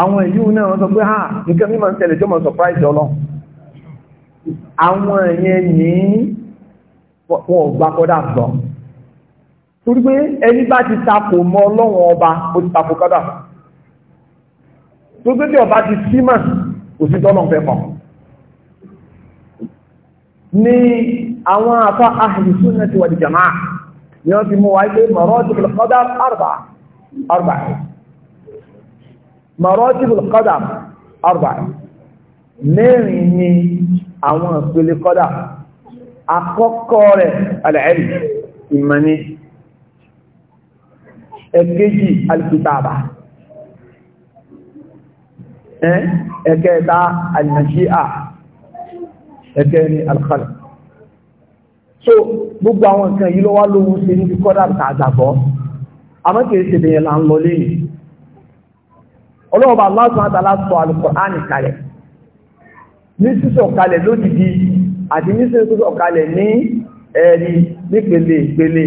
àwọn èyí náà wọ́n sọ pé ha nǹkan mímọ̀ ń tẹ̀lẹ̀ tó mọ̀ surprise ọlọ́ àwọn èyàn ní wọ́n gbá kọ́dà sọ torí pé ẹni bá ti takò mọ́ ọlọ́wọ́n ọba ó ti takò kọ́dà torí pé bí ọba ti símọ̀ kò sí tọ́lọ́ fẹ́ kàn ní àwọn afá ahli sunnati wal jamaa ni wọ́n fi mú wáyé pé maratibul qadar arba'a arba'a maratibul qadar arba'a mẹ́rin ni àwọn ìpele qadar àkọ́kọ́ rẹ̀ al ìmọ̀ni ẹ̀kejì al-kitaba ẹ̀kẹta ẹ̀kẹ́ ní alkhalq so gbogbo àwọn nǹkan yìí ló wá lóhun ṣe níbi kọ́dà tàgbàgbọ́ àmọ́ kìí ṣe bẹ̀yẹn là ń lọ léyìn ọlọ́ọ̀bà Allah subhanahu wa ta'ala sọ Al-Qur'an kalẹ̀ ní sísọ kalẹ̀ lódìdí àti ní sísọ kalẹ̀ ní ẹ̀rí nípele ìpele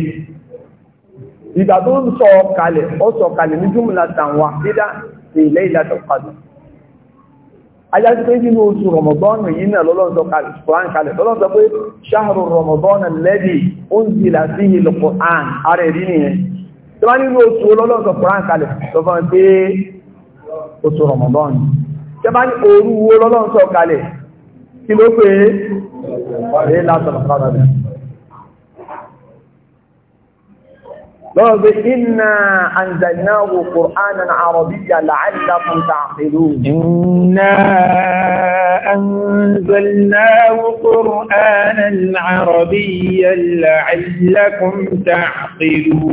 ìgbà tó ń sọ kalẹ̀ ó sọ kalẹ̀ ní jumlatan wahida ní Laylatul Qadr ajá pé nínú oṣù rọmọdọ́nù yìí náà lọ́lọ́sọ kùrán kalẹ̀ lọ́lọ́sọ pé ṣáàrù rọmọdọ́nù lẹ́dì ó ń zìlà sí ìlú kùrán ààrẹ rí nìyẹn tí wọ́n nínú oṣù lọ́lọ́sọ kùrán kalẹ̀ tó fọ́n pé oṣù rọmọdọ́nù lọ́wọ́ pé iná àǹdànáwò Kùránà àrọ̀bíyà la'allakum ta'qilun. Iná àǹdànáwò Kùránà àrọ̀bíyà la'allakum ta'qilun.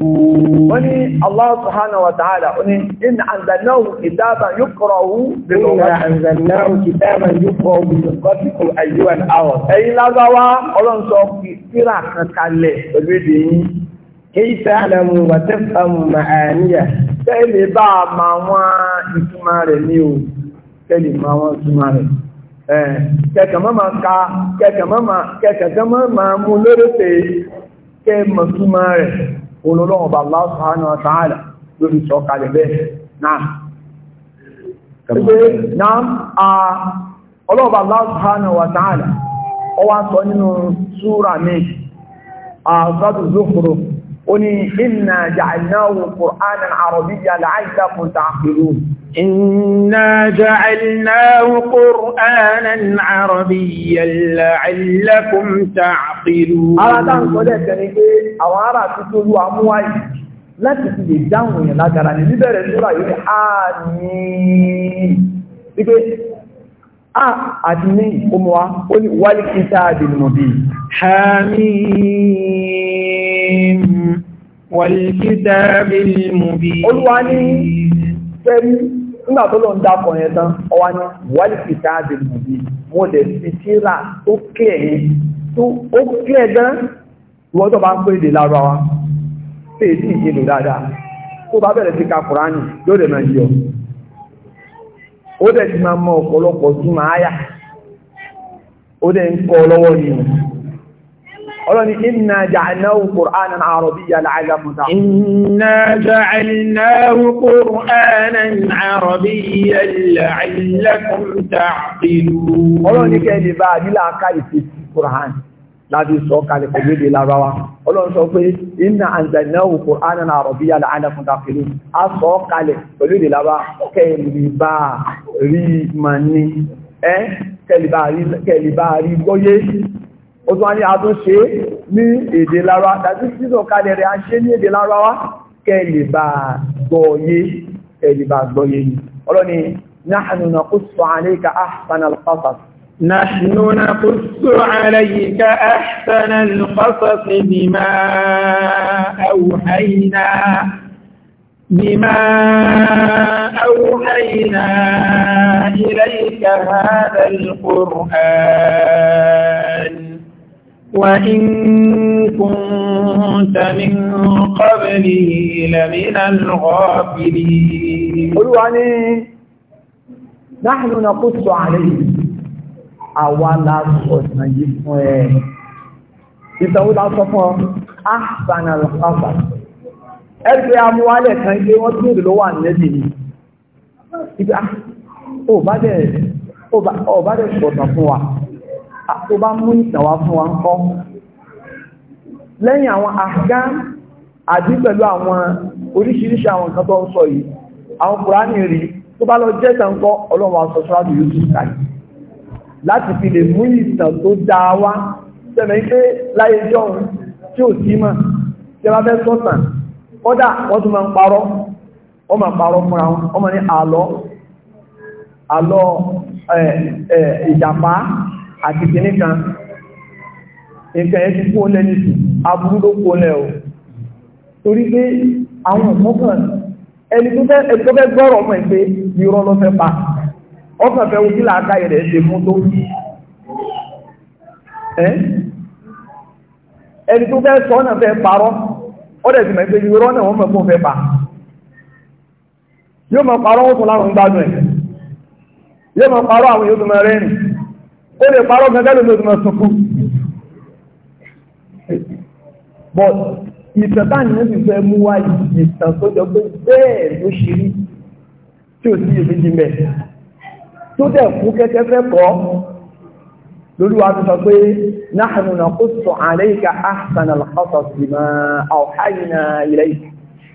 Wọ́n ni Allah subhanahu wa ta'ala, wọ́n ni iná àǹdànáwò kitaban yuqra'u bil lugha. Iná àǹdànáwò kitaban yuqra'u bil lughatikum ayyuhal arab. Ẹ̀yin lágbàwá, ọlọ́run sọ kíra kan kalẹ̀ pẹ̀lú èdè yìí. kéyí tààlàmù wàtẹ́fàmù màáníyà tẹ́lẹ̀ bá a ma wọ́n ìtumà rẹ̀ ní o tẹ́lẹ̀ ma wọ́n ìtumà rẹ̀ kẹkẹ̀mọ́mà ka kẹkẹ̀mọ́mà ma mú lórí pé kẹ mọ̀ túnmà rẹ̀ olólọ́wọ̀n bá Allah subhanahu wa ta'ala lórí sọ́kalẹ̀ bẹ́ẹ̀ náà ọlọ́ọ̀bà Allah subhanahu wa ta'ala ọwá nínú súra mi àzọ́dù zókòrò oni inna ja'alnahu qur'anan arabiyyan la'allakum ta'qilun inna ja'alnahu qur'anan arabiyyan la'allakum ta'qilun ara tan ko de kani pé àwọn ará tutu lu amuwa yìí láti ti lè dáhùn yẹn lágara ni níbẹ̀rẹ̀ sura yìí àmín ipe a àti ní ìkómọ́wá ó ní wal kitabil mubin hàmín wal-kitabil mubin. olúwa ní fẹ́rí nígbà tó lọ ń dákọ̀ yẹn tán ọwá ní wal-kitabil mubin mo lè fi tírà tó kí ẹ̀yìn tó ó kí ẹ̀ gan wọ́n tó bá ń pè é dè lára wa pé èsì ìjìnlò dáadáa tó bá bẹ̀rẹ̀ sí ka kùránì yóò dẹ̀ máa yọ ó dẹ̀ ti máa mọ ọ̀pọ̀lọpọ̀ súnmọ́ áyà ó dẹ̀ ń kọ́ lọ́wọ́ yìí ọlọ́ni iná jàánáwó kùránà àrọ̀bíyà láàrínlámúta. iná jàánáwó kùránà àrọ̀bíyà láàrínlámúta ìlú. ọlọ́ni kẹ́lẹ̀ bá nílá ká ìfẹ́ sí kùrán láti sọ kalẹ̀ pẹ̀lú èdè larawa ọlọ́run sọ pé iná àǹzànáwó kùránà àrọ̀bíyà láàrínlámúta ìlú a sọ kalẹ̀ pẹ̀lú èdè larawa kẹ́lẹ̀ bá rí mani ẹ́ kẹ́lẹ̀ bá rí gbọ́yé ó tún wá ní àtún ṣe ní èdè lára dájú títò kalẹ̀ rẹ̀ a ṣe ní èdè lára wá kẹlìbà gbọ́yé kẹlìbà gbọ́yé ni ọlọ́ni nahnu naqussu alayka ahsanal qasas nahnu naqussu بما أوحينا إليك هذا القرآن وإن كنت من قبله لمن الغافلين قلوا عليه نحن نقص عليه أولا صوتنا يفوه ìtàwùdá sọ fún ahsan al-qasas ẹgbẹ́ amúwálẹ̀ kan ilé wọ́n tí ìrìlọ́ wà nílẹ̀ ní ibi ọ̀bá ah, dẹ̀ ṣọ̀tàn fún wa tó bá mú ìtàwà fún wa ń kọ́ lẹ́yìn àwọn àgá àti pẹ̀lú àwọn oríṣiríṣi àwọn nǹkan tó ń sọ yìí àwọn kùránì rí tó bá lọ jẹ́ ìtàn kọ́ ọlọ́run aṣọ ṣáàbù yóò tún kàì láti fi lè mú ìtàn tó dáa wá tẹ̀mẹ̀ pé láyé jọun tí ò sí mọ̀ tí wọ́n fẹ́ sọ̀tàn kódà wọ́n tún máa ń parọ́ wọ́n máa parọ́ fúnra ní àlọ́ ìjàpá àti kìíní kan nǹkan ẹ̀ ti kó lẹ́ni sí aburú ló kó lẹ́ o torí pé àwọn ọ̀mọ́kàn ẹni tó fẹ́ ẹni tó fẹ́ gbọ́rọ̀ ọmọ ẹ̀ pé irọ́ ló fẹ́ pa ọkàn fẹ́ wo kí làákà yẹ̀ rẹ̀ ṣe mú tó ẹni tó fẹ́ sọ náà fẹ́ parọ́ ó dẹ̀ sì mọ̀ pé irọ́ náà wọ́n mọ̀ fún fẹ́ pa yóò mọ̀ parọ́ ó tún gbádùn ẹ̀ yóò mọ̀ parọ́ àwọn yóò tún mọ̀ rẹ́rìn ó lè parọ́ gẹ́gẹ́ lórí ọdún ọ̀sán fún but ìtàn táàní ní ti fẹ́ mú wá ìtàn tó jọ pé bẹ́ẹ̀ ló ṣe rí tí ò sí èméjì mẹ́ tó dẹ̀ fún kẹ́kẹ́ fẹ́ kọ́ lórí wa tó sọ pé nahnu naqussu alayka ahsana al-qasas bima awhayna ilayka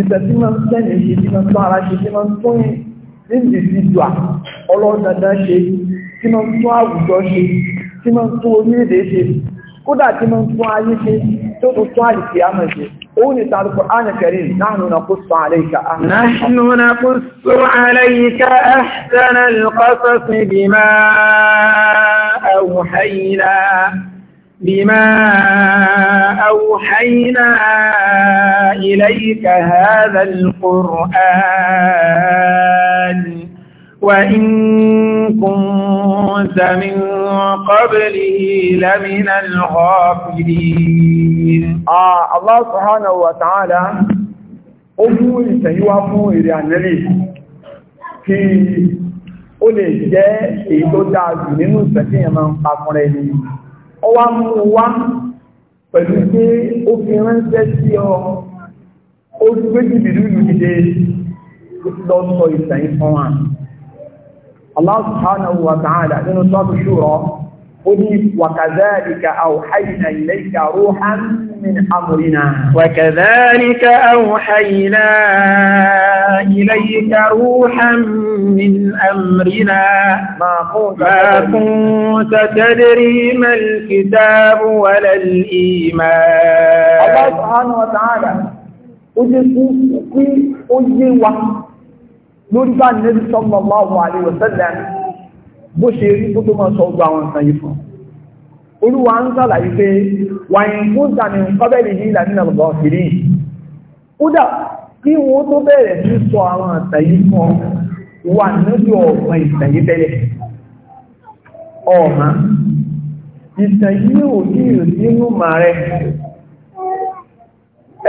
ìṣẹ́ tí máa ń sẹ́yìn ṣe tí máa ń tọ́ ara ṣe tí máa ń tún ìdìdìdùà ọlọ́dàdà ṣe ṣe tí máa ń tún بما أوحينا إليك هذا القرآن وإن كنت من قبله لمن الغافلين آه الله سبحانه وتعالى أمور سيوافو إلى النبي كي أولي lè jẹ́ èyí tó dáa jù nínú ọwá mú wá pẹ̀lú pé ó fi ránṣẹ́ sí ọ ó gbé jìbìlú ìlú dìde lọ sọ ìtàn ìfọ́n wa Allah subhanahu wa nínú sọ́ọ̀tù ṣúrọ̀ وكذلك أوحينا إليك روحا من أمرنا وكذلك أوحينا إليك روحا من أمرنا ما كنت, ما كنت تدري ما الكتاب ولا الإيمان الله سبحانه وتعالى أجي أجي لوري النبي صلى الله عليه وسلم bó ṣe rí bó tó máa sọ gbogbo àwọn nǹkan yìí fún olúwa ń sàlàyé pé wàyìn fún tàmí kọ́bẹ̀lì ní ìlànà ọ̀gá òkèrè kódà kí wọ́n tó bẹ̀rẹ̀ sí sọ àwọn àtàn yìí kan wà níbi ọ̀gbọ̀n ìtàn yìí bẹ̀rẹ̀ ọ̀hán ìtàn yìí ò ní ìrìnú màá rẹ̀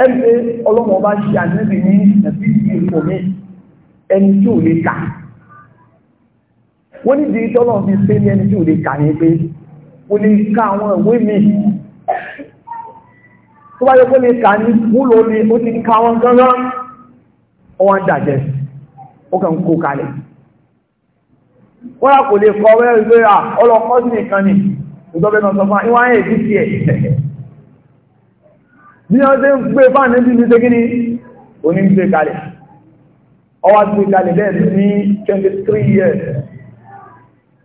ẹgbẹ́ ọlọ́mọba ṣe àníbi ní ẹ̀fí ìfòmí ẹni tí ò lè kà wọ́n ní ìdí tọ́lọ̀ fi pé ní ẹni tí ò lè kà ní pé o lè ka àwọn ìwé mi tó bá yẹ kó lè kà ní wúlò lè ó ti ka wọn gángan ó wá ń dàjẹ́ ó kàn ń kó kalẹ̀ wọ́n kò lè kọ wẹ́rẹ́ ìwé à ọlọ́kọ́ sí nìkan ni ìjọba ẹ̀nà sọfún ìwọ̀n ayé ìdí tiẹ̀ bí wọ́n ṣe ń gbé fáànù ní ti ṣe kí ni oní ń gbé kalẹ̀ ọwọ́ ti gbé kalẹ̀ bẹ́ẹ̀ ní twenty three years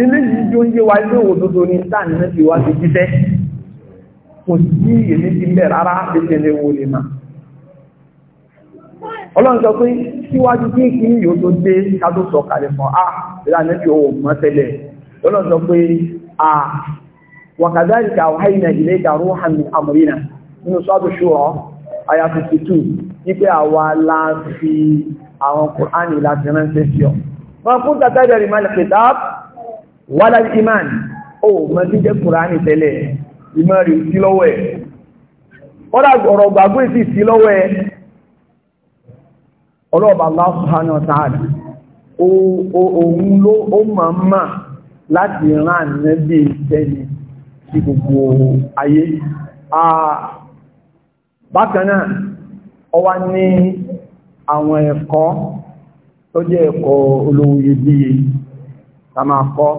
ilé yìí jó ń yé wa ilé òdodo ní sáàni náà ti wá ti jíṣẹ́ kò sí èmi ti bẹ̀ rárá tètè lè wo lè mà ọlọ́run sọ pé síwájú kí kí yóò tó dé ká tó sọ kalẹ̀ fún a ah, ìlànà tí o mọ̀ tẹ́lẹ̀ ọlọ́run sọ pé a wàkàdáríkà wáyìnà ilé ìdàrú hàmì àmúrínà nínú sọ́dọ̀ ṣúrọ̀ àyà 52 wípé àwa la fi àwọn kùránì láti ránṣẹ́ sí ọ. wọ́n fún tàtàjẹ̀rì máa lè pè dáàbò wàlá iman o mọ́ sí jẹ́ kùránì tẹ́lẹ̀ ìmọ̀ rí sí lọ́wọ́ ẹ̀ ọ́dá ọ̀rọ̀ gbàgbé sí sí lọ́wọ́ ẹ̀ Allah subhanahu wa ta'ala òun ló ó mọ̀ mọ̀ gbogbo àwọn ẹ̀kọ́ tó jẹ́ ẹ̀kọ́ olówó ká máa kọ́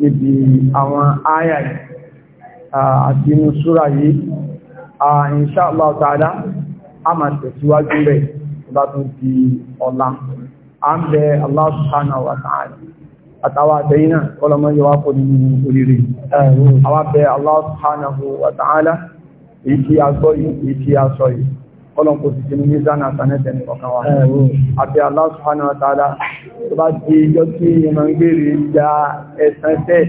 níbi àwọn áyà àti inú súra yìí insha Allah ta'ala a máa tẹ̀síwájú rẹ̀ bá tún di ọ̀la a ń bẹ Allah subhanahu wa ta'ala àtàwà àtẹ́yìnà kọlọmọ ọlọ́nkò ti ti ní mizan àtànẹ́tẹ̀ ní ọkàn wa àti Allah subhanahu wa ta'ala tó bá ti yọ kí ìmọ̀ ń gbèrè ya ẹ̀sán tẹ́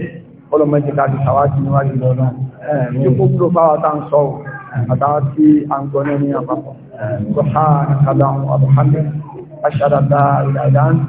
ọlọ́mọdé káàkiri sàwájú níwájú lọ́nà tí kó kúrò fáwọn tá ń sọ a ń gbọ́ ní